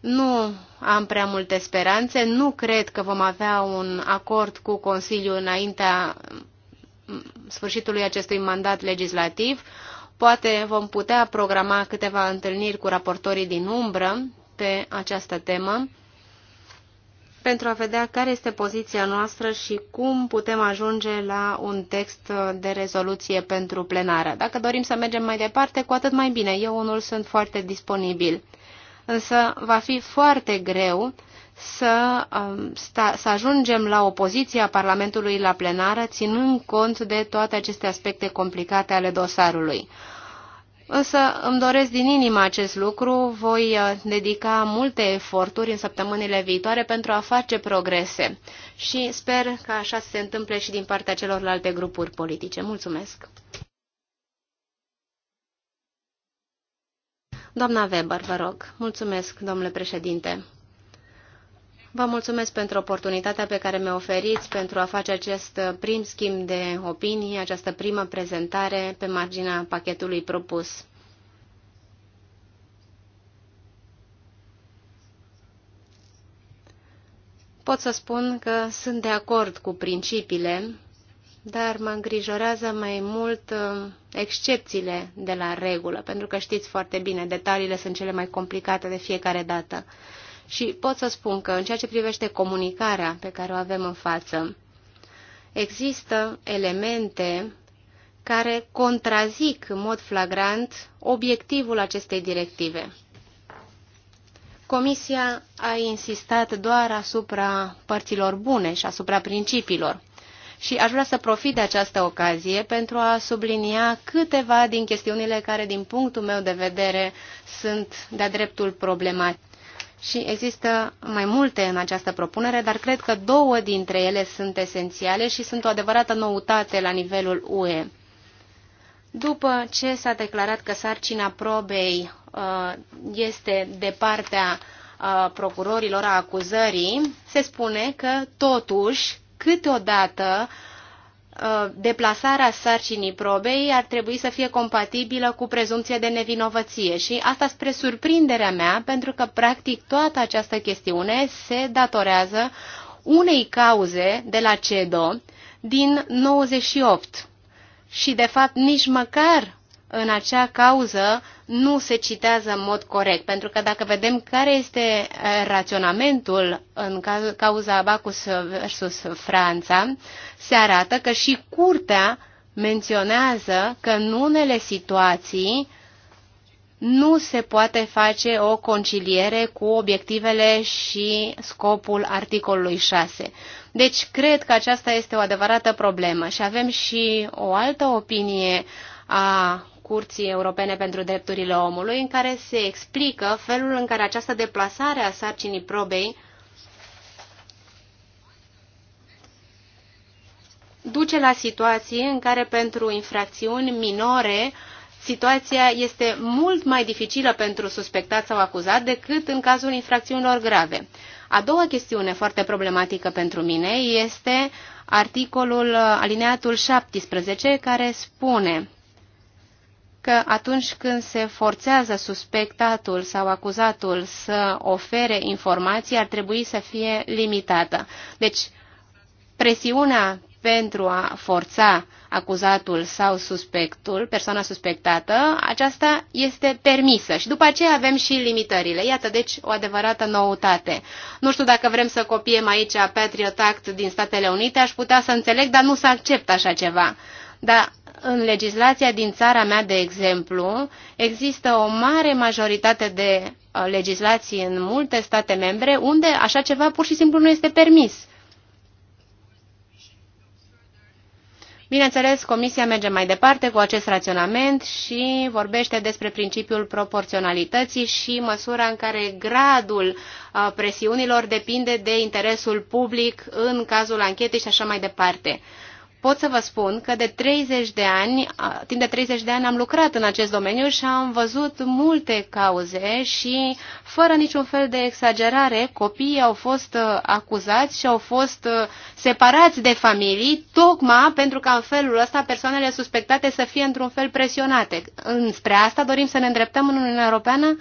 Nu am prea multe speranțe, nu cred că vom avea un acord cu Consiliul înaintea sfârșitului acestui mandat legislativ. Poate vom putea programa câteva întâlniri cu raportorii din umbră pe această temă pentru a vedea care este poziția noastră și cum putem ajunge la un text de rezoluție pentru plenară. Dacă dorim să mergem mai departe, cu atât mai bine. Eu unul sunt foarte disponibil. Însă va fi foarte greu să, um, sta, să ajungem la o poziție a Parlamentului la plenară, ținând cont de toate aceste aspecte complicate ale dosarului. Însă îmi doresc din inimă acest lucru, voi uh, dedica multe eforturi în săptămânile viitoare pentru a face progrese și sper că așa să se întâmple și din partea celorlalte grupuri politice. Mulțumesc! Doamna Weber, vă rog. Mulțumesc, domnule președinte. Vă mulțumesc pentru oportunitatea pe care mi-o oferiți pentru a face acest prim schimb de opinii, această primă prezentare pe marginea pachetului propus. Pot să spun că sunt de acord cu principiile, dar mă îngrijorează mai mult uh, excepțiile de la regulă, pentru că știți foarte bine, detaliile sunt cele mai complicate de fiecare dată. Și pot să spun că în ceea ce privește comunicarea pe care o avem în față, există elemente care contrazic în mod flagrant obiectivul acestei directive. Comisia a insistat doar asupra părților bune și asupra principiilor. Și aș vrea să profit de această ocazie pentru a sublinia câteva din chestiunile care, din punctul meu de vedere, sunt de-a dreptul problematice și există mai multe în această propunere, dar cred că două dintre ele sunt esențiale și sunt o adevărată noutate la nivelul UE. După ce s-a declarat că sarcina probei uh, este de partea uh, procurorilor a acuzării, se spune că, totuși, câteodată Uh, deplasarea sarcinii probei ar trebui să fie compatibilă cu prezumția de nevinovăție și asta spre surprinderea mea, pentru că practic toată această chestiune se datorează unei cauze de la CEDO din 98 și de fapt nici măcar în acea cauză nu se citează în mod corect, pentru că dacă vedem care este uh, raționamentul în cauza Abacus versus Franța, se arată că și curtea menționează că în unele situații nu se poate face o conciliere cu obiectivele și scopul articolului 6. Deci cred că aceasta este o adevărată problemă și avem și o altă opinie a Curții Europene pentru Drepturile Omului în care se explică felul în care această deplasare a sarcinii probei duce la situații în care pentru infracțiuni minore situația este mult mai dificilă pentru suspectat sau acuzat decât în cazul infracțiunilor grave. A doua chestiune foarte problematică pentru mine este articolul uh, alineatul 17 care spune că atunci când se forțează suspectatul sau acuzatul să ofere informații, ar trebui să fie limitată. Deci, presiunea pentru a forța acuzatul sau suspectul, persoana suspectată, aceasta este permisă. Și după aceea avem și limitările. Iată, deci, o adevărată noutate. Nu știu dacă vrem să copiem aici Patriot Act din Statele Unite, aș putea să înțeleg, dar nu s-a accept așa ceva. Dar în legislația din țara mea, de exemplu, există o mare majoritate de uh, legislații în multe state membre unde așa ceva pur și simplu nu este permis. Bineînțeles, Comisia merge mai departe cu acest raționament și vorbește despre principiul proporționalității și măsura în care gradul presiunilor depinde de interesul public în cazul anchetei și așa mai departe pot să vă spun că de 30 de ani, timp de 30 de ani am lucrat în acest domeniu și am văzut multe cauze și, fără niciun fel de exagerare, copiii au fost uh, acuzați și au fost uh, separați de familii, tocmai pentru că în felul ăsta persoanele suspectate să fie într-un fel presionate. Înspre asta dorim să ne îndreptăm în Uniunea Europeană?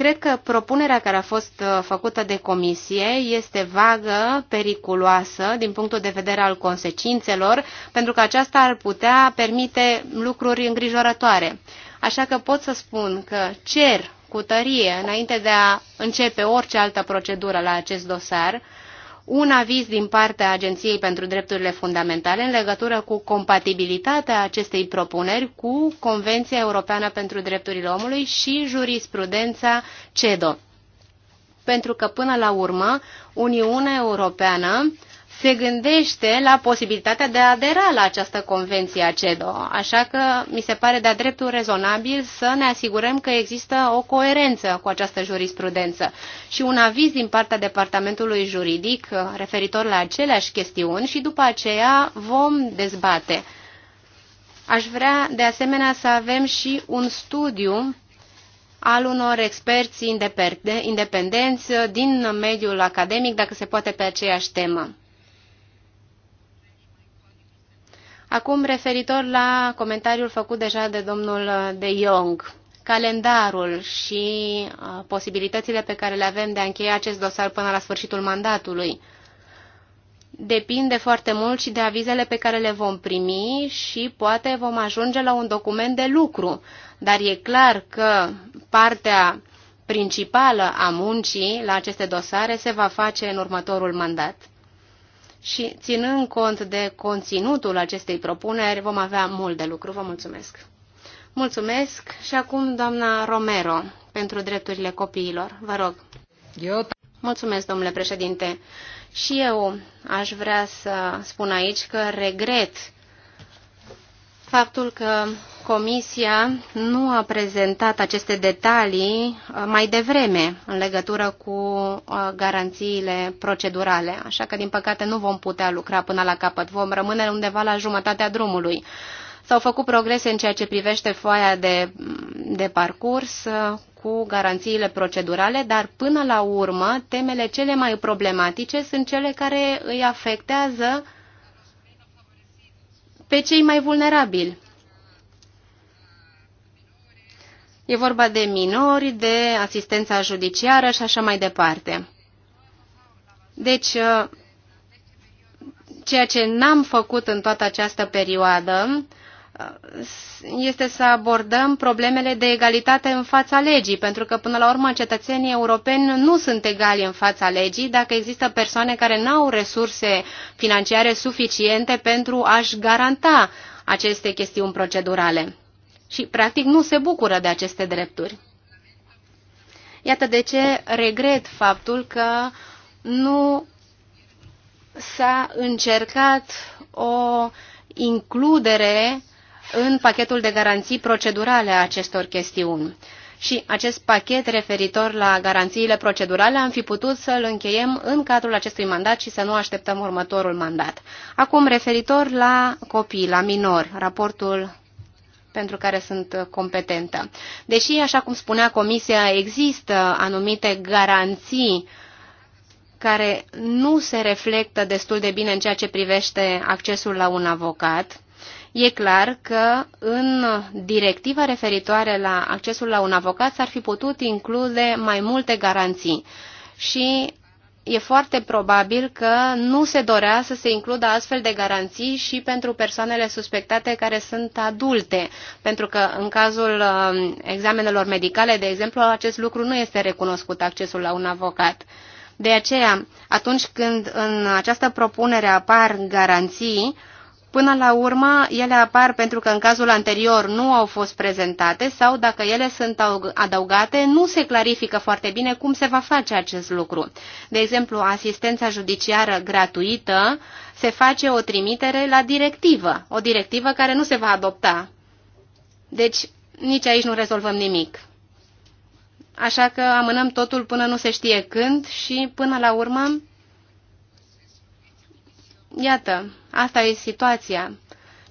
Cred că propunerea care a fost uh, făcută de comisie este vagă, periculoasă din punctul de vedere al consecințelor, pentru că aceasta ar putea permite lucruri îngrijorătoare. Așa că pot să spun că cer cu tărie, înainte de a începe orice altă procedură la acest dosar, un aviz din partea Agenției pentru Drepturile Fundamentale în legătură cu compatibilitatea acestei propuneri cu Convenția Europeană pentru Drepturile Omului și jurisprudența CEDO. Pentru că, până la urmă, Uniunea Europeană se gândește la posibilitatea de a adera la această convenție a CEDO, așa că mi se pare de-a dreptul rezonabil să ne asigurăm că există o coerență cu această jurisprudență și un aviz din partea Departamentului Juridic uh, referitor la aceleași chestiuni și după aceea vom dezbate. Aș vrea de asemenea să avem și un studiu al unor experți independenți uh, din mediul academic, dacă se poate pe aceeași temă. Acum, referitor la comentariul făcut deja de domnul De Jong, calendarul și uh, posibilitățile pe care le avem de a încheia acest dosar până la sfârșitul mandatului depinde foarte mult și de avizele pe care le vom primi și poate vom ajunge la un document de lucru. Dar e clar că partea principală a muncii la aceste dosare se va face în următorul mandat și ținând cont de conținutul acestei propuneri, vom avea mult de lucru. Vă mulțumesc! Mulțumesc și acum doamna Romero pentru drepturile copiilor. Vă rog. Eu... Mulțumesc, domnule președinte. Și eu aș vrea să spun aici că regret faptul că Comisia nu a prezentat aceste detalii uh, mai devreme în legătură cu uh, garanțiile procedurale, așa că din păcate nu vom putea lucra până la capăt, vom rămâne undeva la jumătatea drumului. S-au făcut progrese în ceea ce privește foaia de, de parcurs uh, cu garanțiile procedurale, dar până la urmă temele cele mai problematice sunt cele care îi afectează pe cei mai vulnerabili. E vorba de minori, de asistența judiciară și așa mai departe. Deci, uh, ceea ce n-am făcut în toată această perioadă este să abordăm problemele de egalitate în fața legii, pentru că până la urmă cetățenii europeni nu sunt egali în fața legii dacă există persoane care nu au resurse financiare suficiente pentru a-și garanta aceste chestiuni procedurale și practic nu se bucură de aceste drepturi. Iată de ce regret faptul că nu s-a încercat o includere în pachetul de garanții procedurale a acestor chestiuni. Și acest pachet referitor la garanțiile procedurale am fi putut să-l încheiem în cadrul acestui mandat și să nu așteptăm următorul mandat. Acum, referitor la copii, la minori, raportul pentru care sunt competentă. Deși, așa cum spunea Comisia, există anumite garanții care nu se reflectă destul de bine în ceea ce privește accesul la un avocat, E clar că în directiva referitoare la accesul la un avocat s-ar fi putut include mai multe garanții și e foarte probabil că nu se dorea să se includă astfel de garanții și pentru persoanele suspectate care sunt adulte, pentru că în cazul um, examenelor medicale, de exemplu, acest lucru nu este recunoscut accesul la un avocat. De aceea, atunci când în această propunere apar garanții, Până la urmă, ele apar pentru că în cazul anterior nu au fost prezentate sau dacă ele sunt adăugate, nu se clarifică foarte bine cum se va face acest lucru. De exemplu, asistența judiciară gratuită se face o trimitere la directivă, o directivă care nu se va adopta. Deci, nici aici nu rezolvăm nimic. Așa că amânăm totul până nu se știe când și, până la urmă, Iată, asta e situația.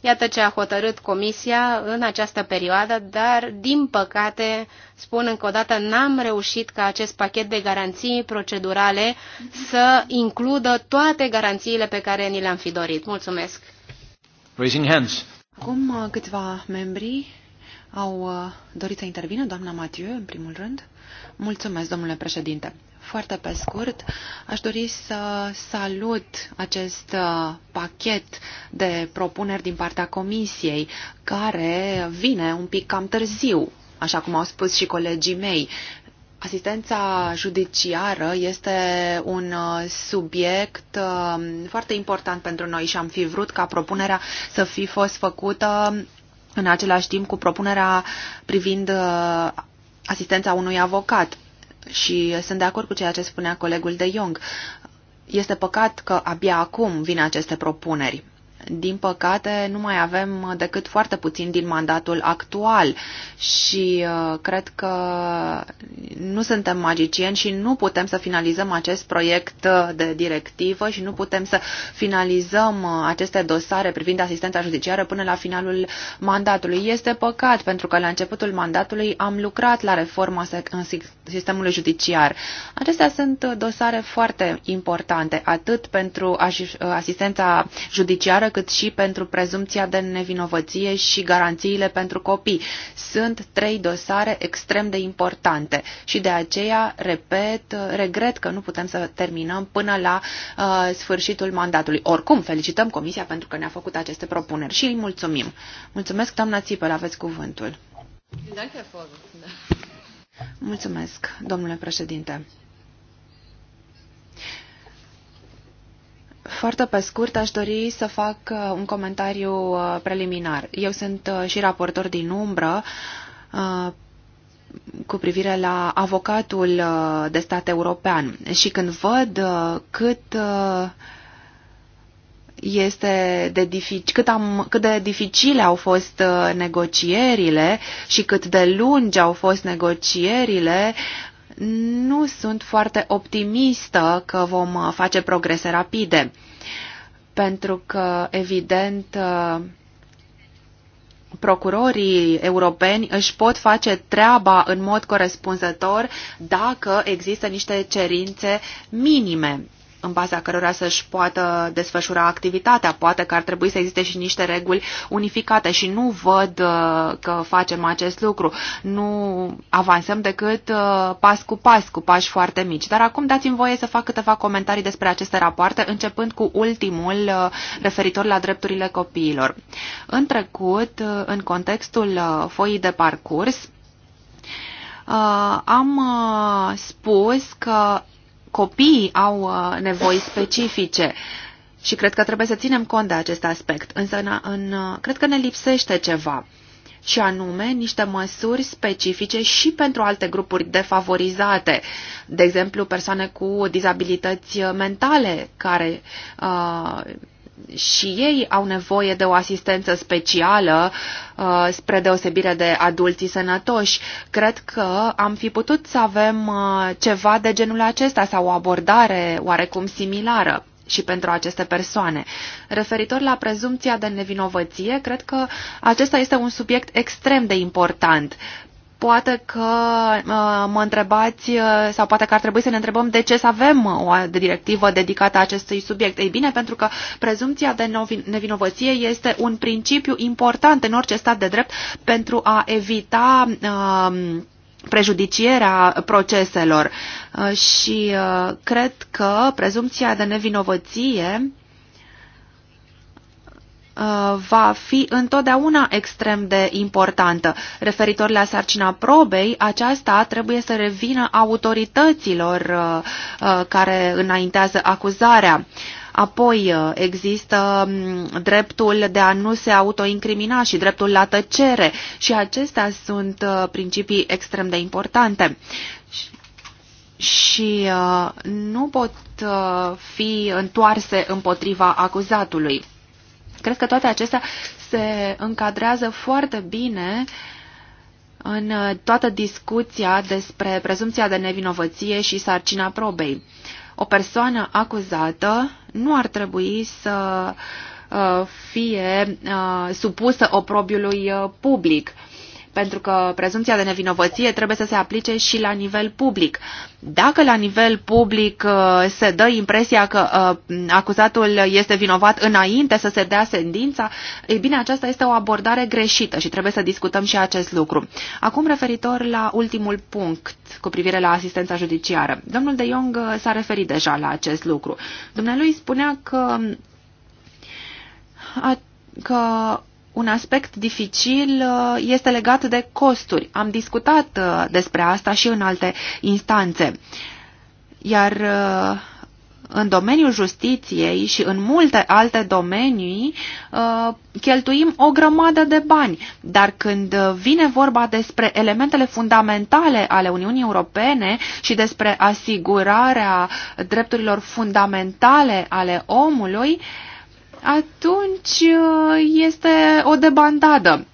Iată ce a hotărât Comisia în această perioadă, dar, din păcate, spun încă o dată, n-am reușit ca acest pachet de garanții procedurale să includă toate garanțiile pe care ni le-am fi dorit. Mulțumesc! Raising hands. Acum uh, câțiva membri au uh, dorit să intervină, doamna Mathieu, în primul rând. Mulțumesc, domnule președinte. Foarte pe scurt, aș dori să salut acest uh, pachet de propuneri din partea Comisiei, care vine un pic cam târziu, așa cum au spus și colegii mei. Asistența judiciară este un uh, subiect um, foarte important pentru noi și am fi vrut ca propunerea să fi fost făcută în același timp cu propunerea privind uh, asistența unui avocat și sunt de acord cu ceea ce spunea colegul de Jong. Este păcat că abia acum vin aceste propuneri. Din păcate, nu mai avem decât foarte puțin din mandatul actual și uh, cred că nu suntem magicieni și nu putem să finalizăm acest proiect de directivă și nu putem să finalizăm aceste dosare privind asistența judiciară până la finalul mandatului. Este păcat pentru că la începutul mandatului am lucrat la reforma sistemului judiciar. Acestea sunt dosare foarte importante, atât pentru asistența judiciară cât și pentru prezumția de nevinovăție și garanțiile pentru copii. Sunt trei dosare extrem de importante și de aceea, repet, regret că nu putem să terminăm până la uh, sfârșitul mandatului. Oricum, felicităm Comisia pentru că ne-a făcut aceste propuneri și îi mulțumim. Mulțumesc, doamna Țipel, aveți cuvântul. Mulțumesc, domnule președinte. Foarte pe scurt, aș dori să fac uh, un comentariu uh, preliminar. Eu sunt uh, și raportor din umbră cu privire la avocatul de stat european și când văd cât este de dific, cât, am, cât de dificile au fost negocierile și cât de lungi au fost negocierile nu sunt foarte optimistă că vom uh, face progrese rapide, pentru că, evident, uh, procurorii europeni își pot face treaba în mod corespunzător dacă există niște cerințe minime în baza cărora să-și poată desfășura activitatea. Poate că ar trebui să existe și niște reguli unificate și nu văd uh, că facem acest lucru. Nu avansăm decât uh, pas cu pas, cu pași foarte mici. Dar acum dați-mi voie să fac câteva comentarii despre aceste rapoarte, începând cu ultimul uh, referitor la drepturile copiilor. În trecut, în contextul foii de parcurs, am spus că copiii au uh, nevoi specifice și cred că trebuie să ținem cont de acest aspect, însă în, în, uh, cred că ne lipsește ceva și anume niște măsuri specifice și pentru alte grupuri defavorizate, de exemplu persoane cu dizabilități uh, mentale care uh, și ei au nevoie de o asistență specială uh, spre deosebire de adulții sănătoși. Cred că am fi putut să avem uh, ceva de genul acesta sau o abordare oarecum similară și pentru aceste persoane. Referitor la prezumția de nevinovăție, cred că acesta este un subiect extrem de important, Poate că uh, mă întrebați, uh, sau poate că ar trebui să ne întrebăm de ce să avem uh, o directivă dedicată acestui subiect. Ei bine, pentru că prezumția de nevinovăție este un principiu important în orice stat de drept pentru a evita prejudicierea proceselor și cred că prezumția de nevinovăție Uh, va fi întotdeauna extrem de importantă. Referitor la sarcina probei, aceasta trebuie să revină autorităților uh, uh, care înaintează acuzarea. Apoi există mm, dreptul de a nu se autoincrimina și dreptul la tăcere și acestea sunt principii extrem de importante și nu pot fi întoarse împotriva acuzatului. Cred că toate acestea se încadrează foarte bine în uh, toată discuția despre prezumția de nevinovăție și sarcina probei. O persoană acuzată nu ar trebui să uh, fie uh, supusă oprobiului public pentru că prezumția de nevinovăție trebuie să se aplice și la nivel public. Dacă la nivel public uh, se dă impresia că uh, acuzatul este vinovat înainte să se dea sentința, ei bine, aceasta este o abordare greșită și trebuie să discutăm și acest lucru. Acum, referitor la ultimul punct cu privire la asistența judiciară. Domnul de Jong uh, s-a referit deja la acest lucru. Dumnealui spunea că, că un aspect dificil uh, este legat de costuri. Am discutat uh, despre asta și în alte instanțe. Iar uh, în domeniul justiției și în multe alte domenii cheltuim o grămadă de bani, dar când vine vorba despre elementele fundamentale ale Uniunii Europene și despre asigurarea drepturilor fundamentale ale omului, atunci uh, este o debandadă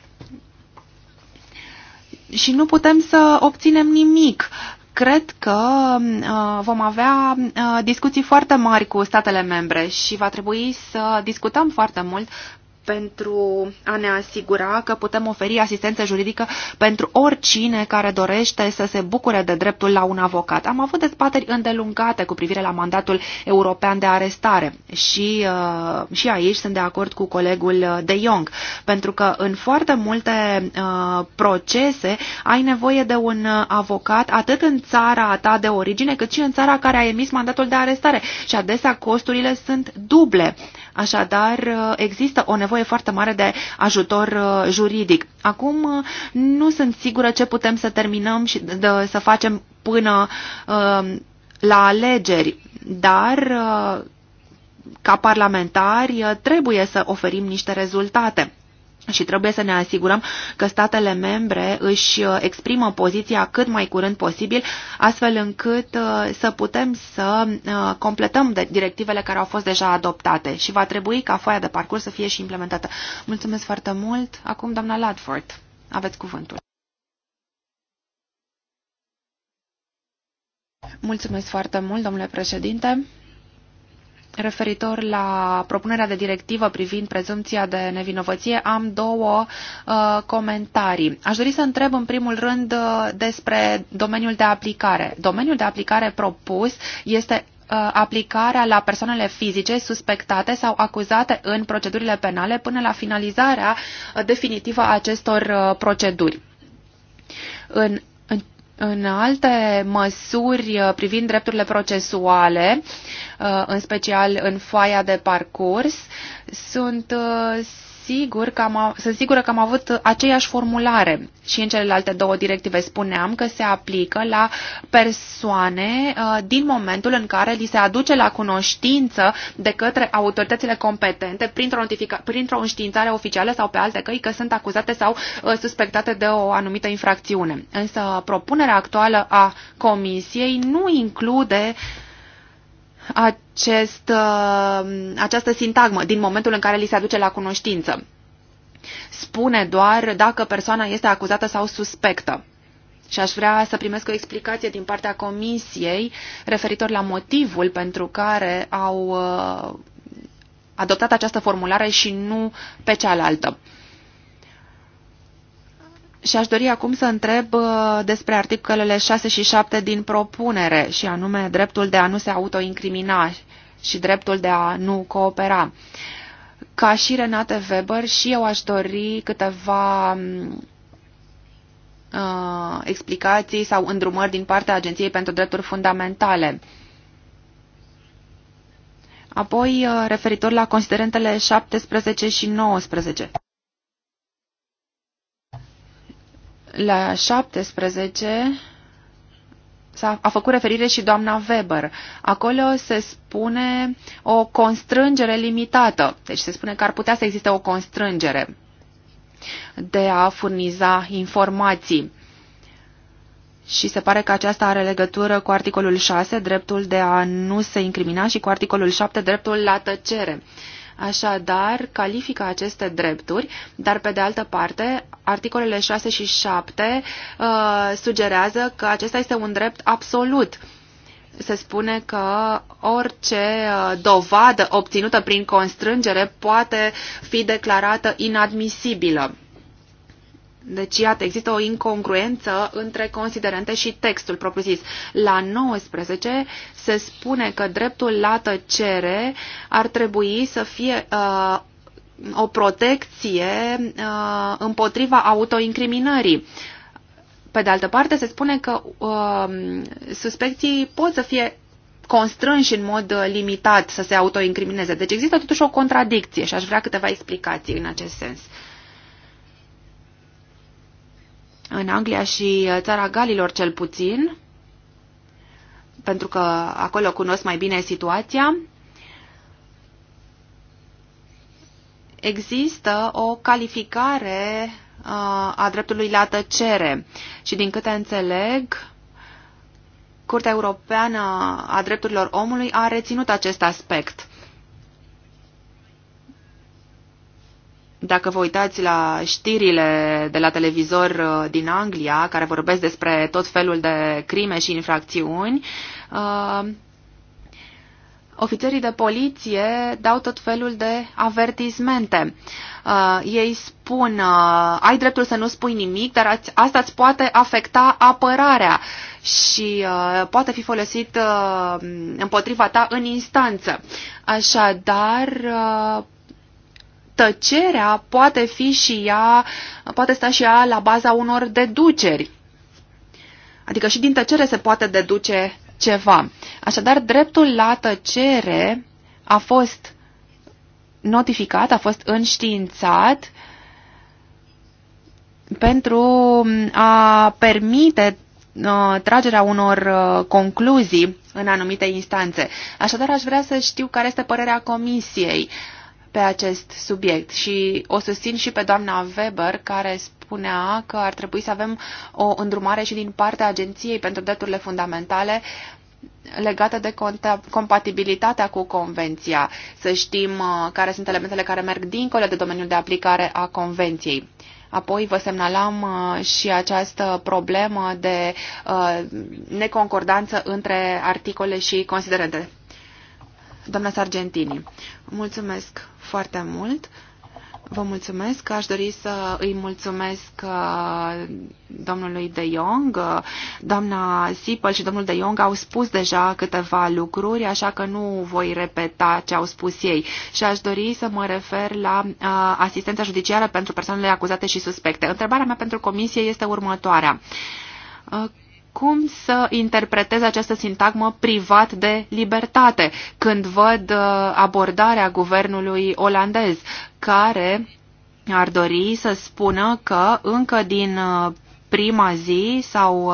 și nu putem să obținem nimic. Cred că uh, vom avea uh, discuții foarte mari cu statele membre și va trebui să discutăm foarte mult pentru a ne asigura că putem oferi asistență juridică pentru oricine care dorește să se bucure de dreptul la un avocat. Am avut dezbateri îndelungate cu privire la mandatul european de arestare și, uh, și aici sunt de acord cu colegul De Jong, pentru că în foarte multe uh, procese ai nevoie de un avocat atât în țara ta de origine cât și în țara care a emis mandatul de arestare și adesea costurile sunt duble Așadar, uh, există o nevoie foarte mare de ajutor uh, juridic. Acum, uh, nu sunt sigură ce putem să terminăm și de, să facem până uh, la alegeri, dar uh, ca parlamentari trebuie să oferim niște rezultate și trebuie să ne asigurăm că statele membre își uh, exprimă poziția cât mai curând posibil, astfel încât uh, să putem să uh, completăm directivele care au fost deja adoptate și va trebui ca foaia de parcurs să fie și implementată. Mulțumesc foarte mult. Acum, doamna Ladford, aveți cuvântul. Mulțumesc foarte mult, domnule președinte referitor la propunerea de directivă privind prezumția de nevinovăție, am două uh, comentarii. Aș dori să întreb în primul rând uh, despre domeniul de aplicare. Domeniul de aplicare propus este uh, aplicarea la persoanele fizice suspectate sau acuzate în procedurile penale până la finalizarea uh, definitivă a acestor uh, proceduri. În în alte măsuri uh, privind drepturile procesuale, uh, în special în foaia de parcurs, sunt uh, sigur că am, sunt sigură că am avut aceeași formulare și în celelalte două directive spuneam că se aplică la persoane uh, din momentul în care li se aduce la cunoștință de către autoritățile competente printr-o, printr-o înștiințare oficială sau pe alte căi că sunt acuzate sau uh, suspectate de o anumită infracțiune. Însă propunerea actuală a Comisiei nu include uh, acest, uh, această sintagmă din momentul în care li se aduce la cunoștință. Spune doar dacă persoana este acuzată sau suspectă. Și aș vrea să primesc o explicație din partea comisiei referitor la motivul pentru care au uh, adoptat această formulare și nu pe cealaltă. Și aș dori acum să întreb uh, despre articolele 6 și 7 din propunere, și anume dreptul de a nu se autoincrimina și dreptul de a nu coopera. Ca și Renate Weber, și eu aș dori câteva mm, uh, explicații sau îndrumări din partea Agenției pentru Drepturi Fundamentale. Apoi, uh, referitor la considerentele 17 și 19. La 17 a a făcut referire și doamna Weber. Acolo se spune o constrângere limitată. Deci se spune că ar putea să existe o constrângere de a furniza informații. Și se pare că aceasta are legătură cu articolul 6, dreptul de a nu se incrimina, și cu articolul 7, dreptul la tăcere. Uh, Așadar, califică aceste drepturi, dar pe de altă parte, articolele 6 și 7 uh, sugerează că acesta este un drept absolut se spune că orice uh, dovadă obținută prin constrângere poate fi declarată inadmisibilă. Deci, iată, există o incongruență între considerente și textul propriu-zis. La 19 se spune că dreptul la tăcere ar trebui să fie uh, o protecție uh, împotriva autoincriminării. Pe de altă parte, se spune că uh, suspecții pot să fie constrânși în mod limitat să se autoincrimineze. Deci există totuși o contradicție și aș vrea câteva explicații în acest sens. în Anglia și uh, țara Galilor cel puțin, pentru că acolo cunosc mai bine situația, există o calificare uh, a dreptului la tăcere și din câte înțeleg, Curtea Europeană a Drepturilor Omului a reținut acest aspect. Dacă vă uitați la știrile de la televizor uh, din Anglia, care vorbesc despre tot felul de crime și infracțiuni, uh, ofițerii de poliție dau tot felul de avertismente. Uh, ei spun, uh, ai dreptul să nu spui nimic, dar asta îți poate afecta apărarea și uh, poate fi folosit uh, împotriva ta în instanță. Așadar, uh, tăcerea poate fi și ea, poate sta și ea la baza unor deduceri. Adică și din tăcere se poate deduce ceva. Așadar, dreptul la tăcere a fost notificat, a fost înștiințat pentru a permite uh, tragerea unor uh, concluzii în anumite instanțe. Așadar, aș vrea să știu care este părerea Comisiei pe acest subiect și o susțin și pe doamna Weber care spunea că ar trebui să avem o îndrumare și din partea Agenției pentru Drepturile Fundamentale legată de compatibilitatea cu Convenția, să știm uh, care sunt elementele care merg dincolo de domeniul de aplicare a Convenției. Apoi vă semnalam uh, și această problemă de uh, neconcordanță între articole și considerente. Doamna Sargentini, mulțumesc foarte mult. Vă mulțumesc. Aș dori să îi mulțumesc uh, domnului De Jong. Doamna Sipel și domnul De Jong au spus deja câteva lucruri, așa că nu voi repeta ce au spus ei. Și aș dori să mă refer la uh, asistența judiciară pentru persoanele acuzate și suspecte. Întrebarea mea pentru comisie este următoarea uh, cum să interpretez această sintagmă privat de libertate când văd uh, abordarea guvernului olandez care ar dori să spună că încă din uh, prima zi sau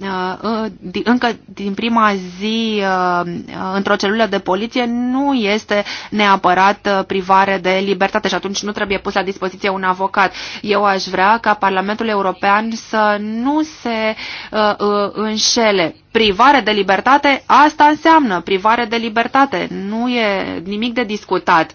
uh, uh, încă din prima zi uh, într-o celulă de poliție nu este neapărat privare de libertate și atunci nu trebuie pus la dispoziție un avocat. Eu aș vrea ca Parlamentul European să nu se înșele. Privare de libertate, asta înseamnă privare de libertate. Nu e nimic de discutat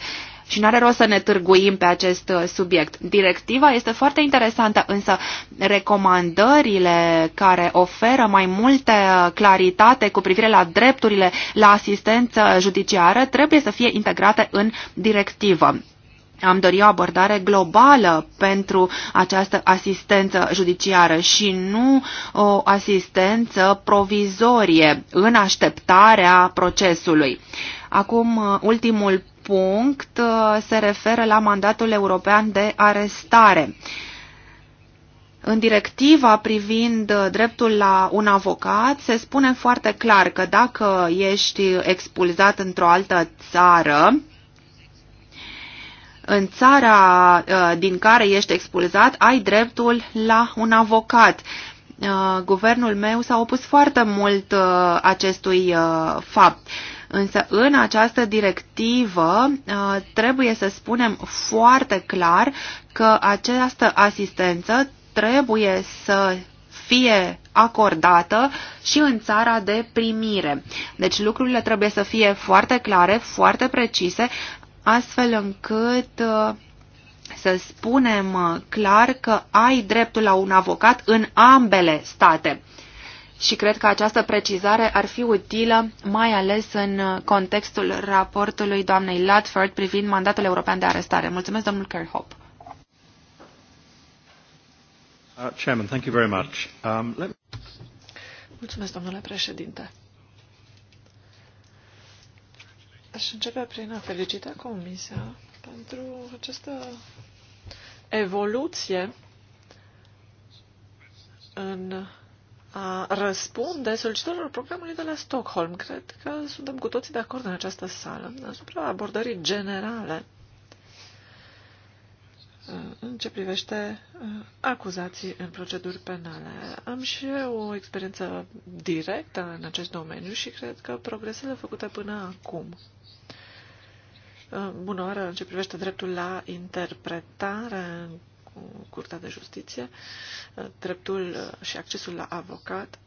și nu are rost să ne târguim pe acest uh, subiect. Directiva este foarte interesantă, însă recomandările care oferă mai multe uh, claritate cu privire la drepturile la asistență judiciară trebuie să fie integrate în directivă. Am dorit o abordare globală pentru această asistență judiciară și nu o asistență provizorie în așteptarea procesului. Acum, uh, ultimul punct uh, se referă la mandatul european de arestare. În directiva privind uh, dreptul la un avocat se spune foarte clar că dacă ești expulzat într-o altă țară, în țara uh, din care ești expulzat, ai dreptul la un avocat. Guvernul meu s-a opus foarte mult acestui fapt Însă în această directivă uh, trebuie să spunem foarte clar că această asistență trebuie să fie acordată și în țara de primire. Deci lucrurile trebuie să fie foarte clare, foarte precise, astfel încât uh, să spunem uh, clar că ai dreptul la un avocat în ambele state și cred că această precizare ar fi utilă, mai ales în contextul raportului doamnei Latford privind mandatul european de arestare. Mulțumesc, domnul Kerhop. Uh, chairman, thank you very much. Um, let... Mulțumesc, domnule președinte. Aș începe prin a felicita Comisia pentru această evoluție în a răspunde solicitorilor programului de la Stockholm. Cred că suntem cu toții de acord în această sală asupra abordării generale uh, în ce privește uh, acuzații în proceduri penale. Am și eu o experiență directă în acest domeniu și cred că progresele făcute până acum, uh, bună oară în ce privește dreptul la interpretare în Curtea de Justiție, dreptul și accesul la avocat,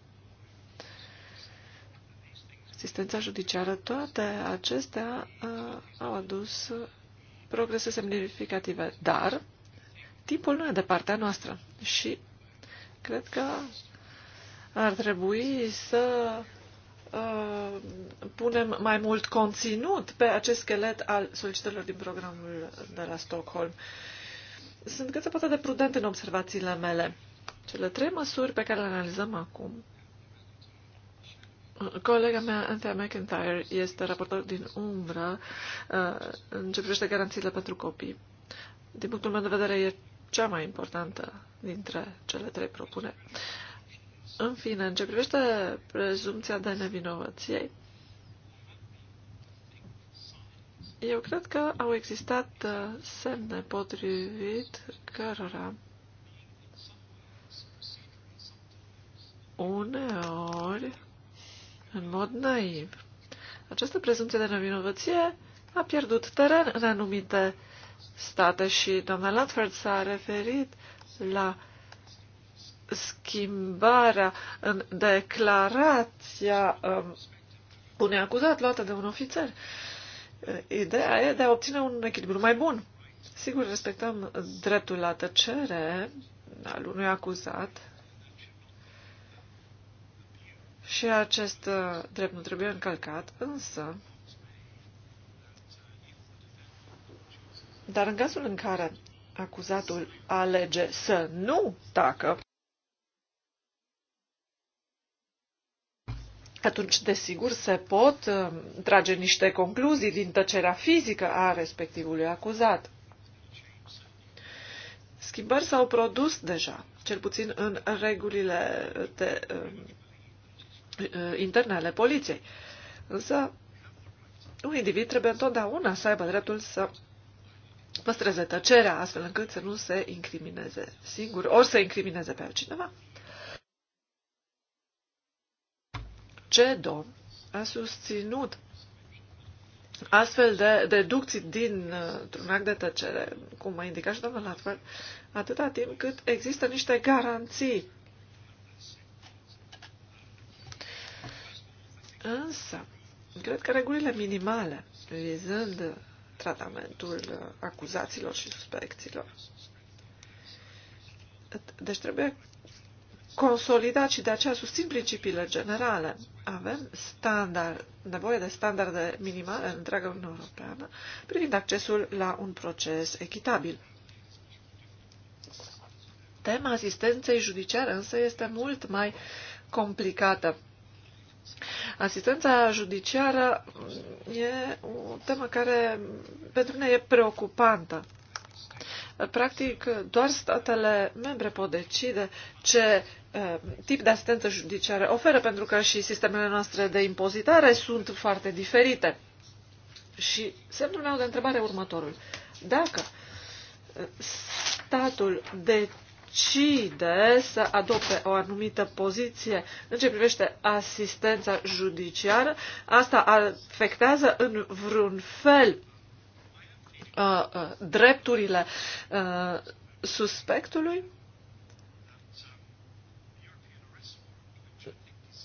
asistența judiciară, toate acestea uh, au adus progrese semnificative, dar timpul nu e de partea noastră și cred că ar trebui să uh, punem mai mult conținut pe acest schelet al solicitărilor din programul de la Stockholm. Uh, sunt cât se poate de prudent în observațiile mele. Cele trei măsuri pe care le analizăm acum. Colega mea, Anthea McIntyre, este raportor din umbră uh, în ce privește garanțiile pentru copii. Din punctul meu de vedere, e cea mai importantă dintre cele trei propuneri. În fine, în ce privește prezumția de nevinovăție, Eu cred că au existat uh, semne potrivit cărora uneori, în mod naiv, această prezumție de nevinovăție a pierdut teren în anumite state și doamna Latford s-a referit la schimbarea în declarația um, unui acuzat luată de un ofițer. Uh, Ideea e de a obține un echilibru mai bun. Sigur, respectăm dreptul la tăcere al unui acuzat și acest uh, drept nu trebuie încălcat, însă Dar în cazul în care acuzatul alege să nu tacă, atunci, desigur, se pot uh, trage niște concluzii din tăcerea fizică a respectivului acuzat. Schimbări s-au produs deja, cel puțin în regulile de, um, uh, interne ale poliției. Însă, un individ trebuie întotdeauna să aibă dreptul să păstreze tăcerea, astfel încât să nu se incrimineze singur, ori să incrimineze pe altcineva, CEDO a susținut astfel de deducții dintr-un act de tăcere, cum a indicat și domnul Latford, atâta timp cât există niște garanții. Însă, cred că regulile minimale vizând tratamentul acuzaților și suspecților. Deci trebuie consolidat și de aceea susțin principiile generale. Avem standard, nevoie de standarde minimale în întreaga Uniune Europeană privind accesul la un proces echitabil. Tema asistenței judiciare însă este mult mai complicată. Asistența judiciară e o temă care pentru mine e preocupantă. Practic, doar statele membre pot decide ce eh, tip de asistență judiciară oferă, pentru că și sistemele noastre de impozitare sunt foarte diferite. Și semnul meu de întrebare următorul. Dacă eh, statul decide să adopte o anumită poziție în ce privește asistența judiciară, asta afectează în vreun fel Uh, uh, drepturile uh, suspectului.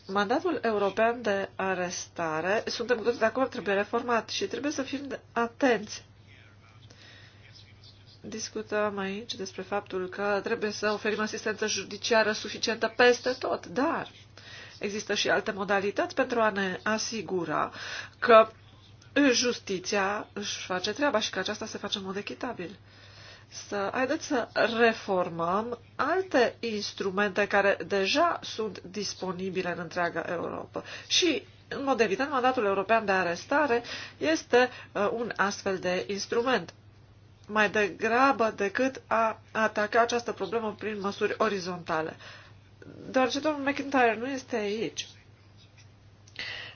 Mandatul european de arestare, suntem cu toți de acord, trebuie reformat și trebuie să fim atenți. Discutăm aici despre faptul că trebuie să oferim asistență judiciară suficientă peste tot, dar există și alte modalități pentru a ne asigura că justiția își face treaba și că aceasta se face în mod echitabil. Să, haideți să reformăm alte instrumente care deja sunt disponibile în întreaga Europa. Și, în mod evident, mandatul european de arestare este uh, un astfel de instrument mai degrabă decât a ataca această problemă prin măsuri orizontale. Deoarece domnul McIntyre nu este aici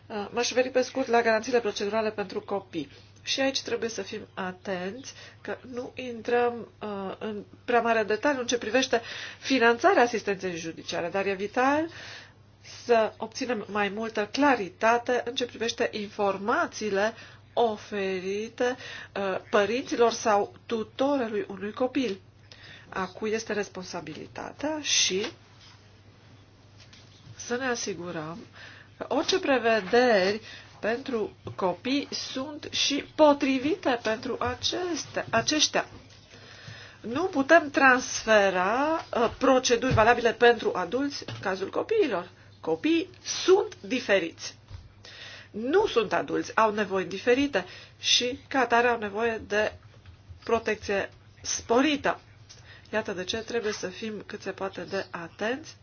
Uh, m-aș referi pe scurt la garanțiile procedurale pentru copii. Și aici trebuie să fim atenți că nu intrăm uh, în prea mare detaliu în ce privește finanțarea asistenței judiciare, dar e vital să obținem mai multă claritate în ce privește informațiile oferite uh, părinților sau tutorelui unui copil, a cui este responsabilitatea și să ne asigurăm uh, Orice prevederi pentru copii sunt și potrivite pentru aceste, aceștia. Nu putem transfera uh, proceduri valabile pentru adulți în cazul copiilor. Copiii sunt diferiți. Nu sunt adulți, au nevoi diferite și, ca atare, au nevoie de protecție sporită. Iată de ce trebuie să fim cât se poate de atenți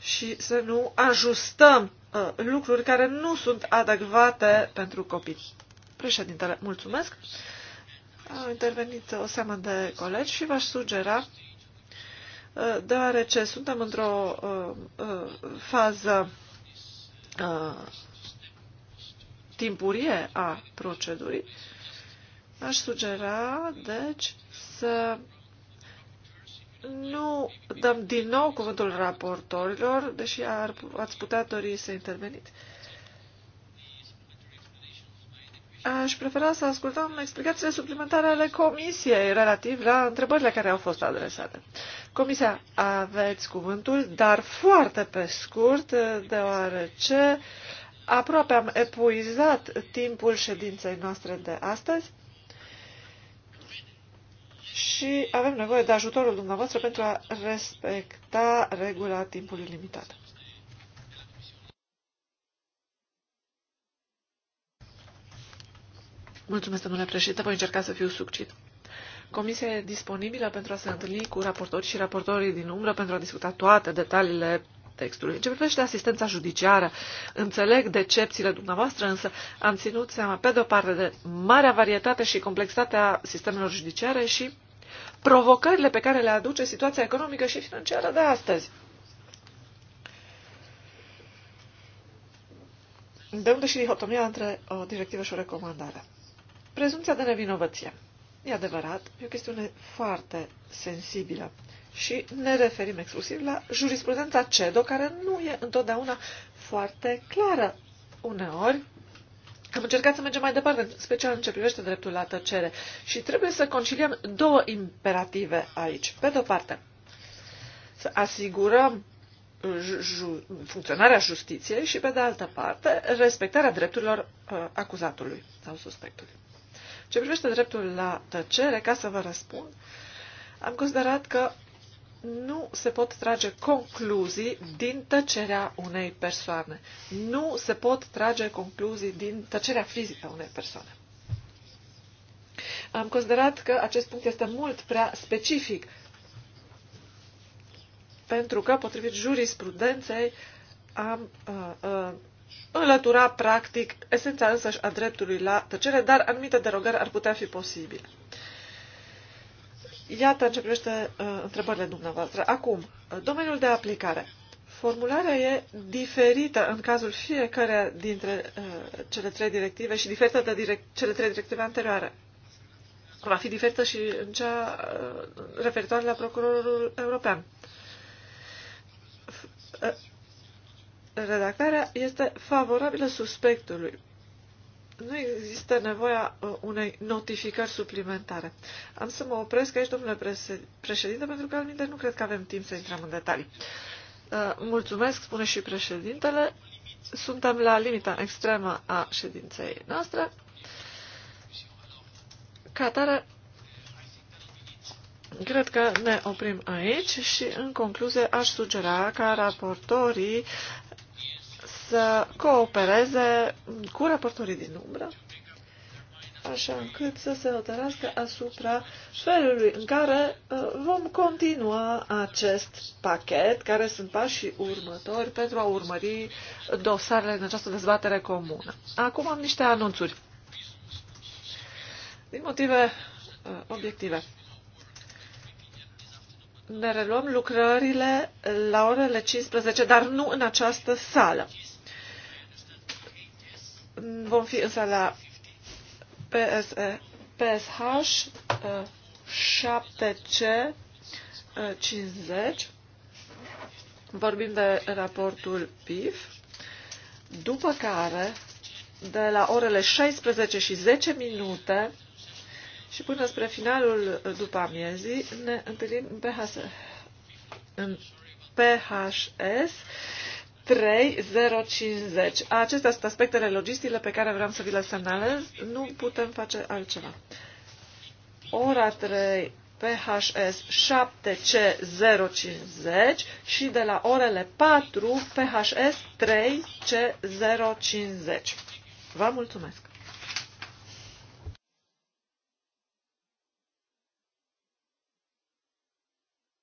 și să nu ajustăm uh, lucruri care nu sunt adecvate pentru copii. Președintele, mulțumesc. Au intervenit o seamă de colegi și v-aș sugera, uh, deoarece suntem într-o uh, uh, fază uh, timpurie a procedurii, aș sugera, deci, să nu dăm din nou cuvântul raportorilor, deși ar, ați putea dori să interveniți. Aș prefera să ascultăm explicațiile suplimentare ale comisiei relativ la întrebările care au fost adresate. Comisia, aveți cuvântul, dar foarte pe scurt, deoarece aproape am epuizat timpul ședinței noastre de astăzi și avem nevoie de ajutorul dumneavoastră pentru a respecta regula timpului limitat. Mulțumesc, domnule președinte. Voi încerca să fiu succint. Comisia e disponibilă pentru a se întâlni cu raportori și raportorii din umbră pentru a discuta toate detaliile textului. În ce privește asistența judiciară, înțeleg decepțiile dumneavoastră, însă am ținut seama, pe de-o parte, de marea varietate și complexitatea sistemelor judiciare și provocările pe care le aduce situația economică și financiară de astăzi. De unde și dihotomia între o directivă și o recomandare. Prezumția de nevinovăție. E adevărat, e o chestiune foarte sensibilă și ne referim exclusiv la jurisprudența CEDO, care nu e întotdeauna foarte clară. Uneori am încercat să mergem mai departe, special în ce privește dreptul la tăcere. Și trebuie să conciliem două imperative aici. Pe de-o parte, să asigurăm funcționarea justiției și, pe de altă parte, respectarea drepturilor uh, acuzatului sau suspectului. Ce privește dreptul la tăcere, ca să vă răspund, am considerat că nu se pot trage concluzii din tăcerea unei persoane. Nu se pot trage concluzii din tăcerea fizică a unei persoane. Am considerat că acest punct este mult prea specific, pentru că, potrivit jurisprudenței, am uh, uh, înlătura practic esența însăși a dreptului la tăcere, dar anumite derogări ar putea fi posibile. Iată ce privește uh, întrebările dumneavoastră. Acum, uh, domeniul de aplicare. Formularea e diferită în cazul fiecare dintre uh, cele trei directive și diferită de direct, cele trei directive anterioare. Va fi diferită și în cea uh, referitoare la procurorul european. Uh, redactarea este favorabilă suspectului nu există nevoia uh, unei notificări suplimentare. Am să mă opresc aici, domnule președinte, pentru că alminte nu cred că avem timp să intrăm în detalii. Uh, mulțumesc, spune și președintele. Suntem la limita extremă a ședinței noastre. Ca Cred că ne oprim aici și, în concluzie, aș sugera ca raportorii să coopereze cu raportorii din umbră, așa încât să se hotărească asupra felului în care uh, vom continua acest pachet, care sunt pașii următori pentru a urmări dosarele în această dezbatere comună. Acum am niște anunțuri. Din motive uh, obiective. Ne reluăm lucrările la orele 15, dar nu în această sală. Vom fi în sala PS, PSH 7C 50. Vorbim de raportul PIF, după care de la orele 16 și 10 minute și până spre finalul după amiezii ne întâlnim în PHS, în PHS 3050. Acestea sunt aspectele logistice pe care vreau să vi le semnalez. Nu putem face altceva. Ora 3 PHS 7C050 și de la orele 4 PHS 3C050. Vă mulțumesc!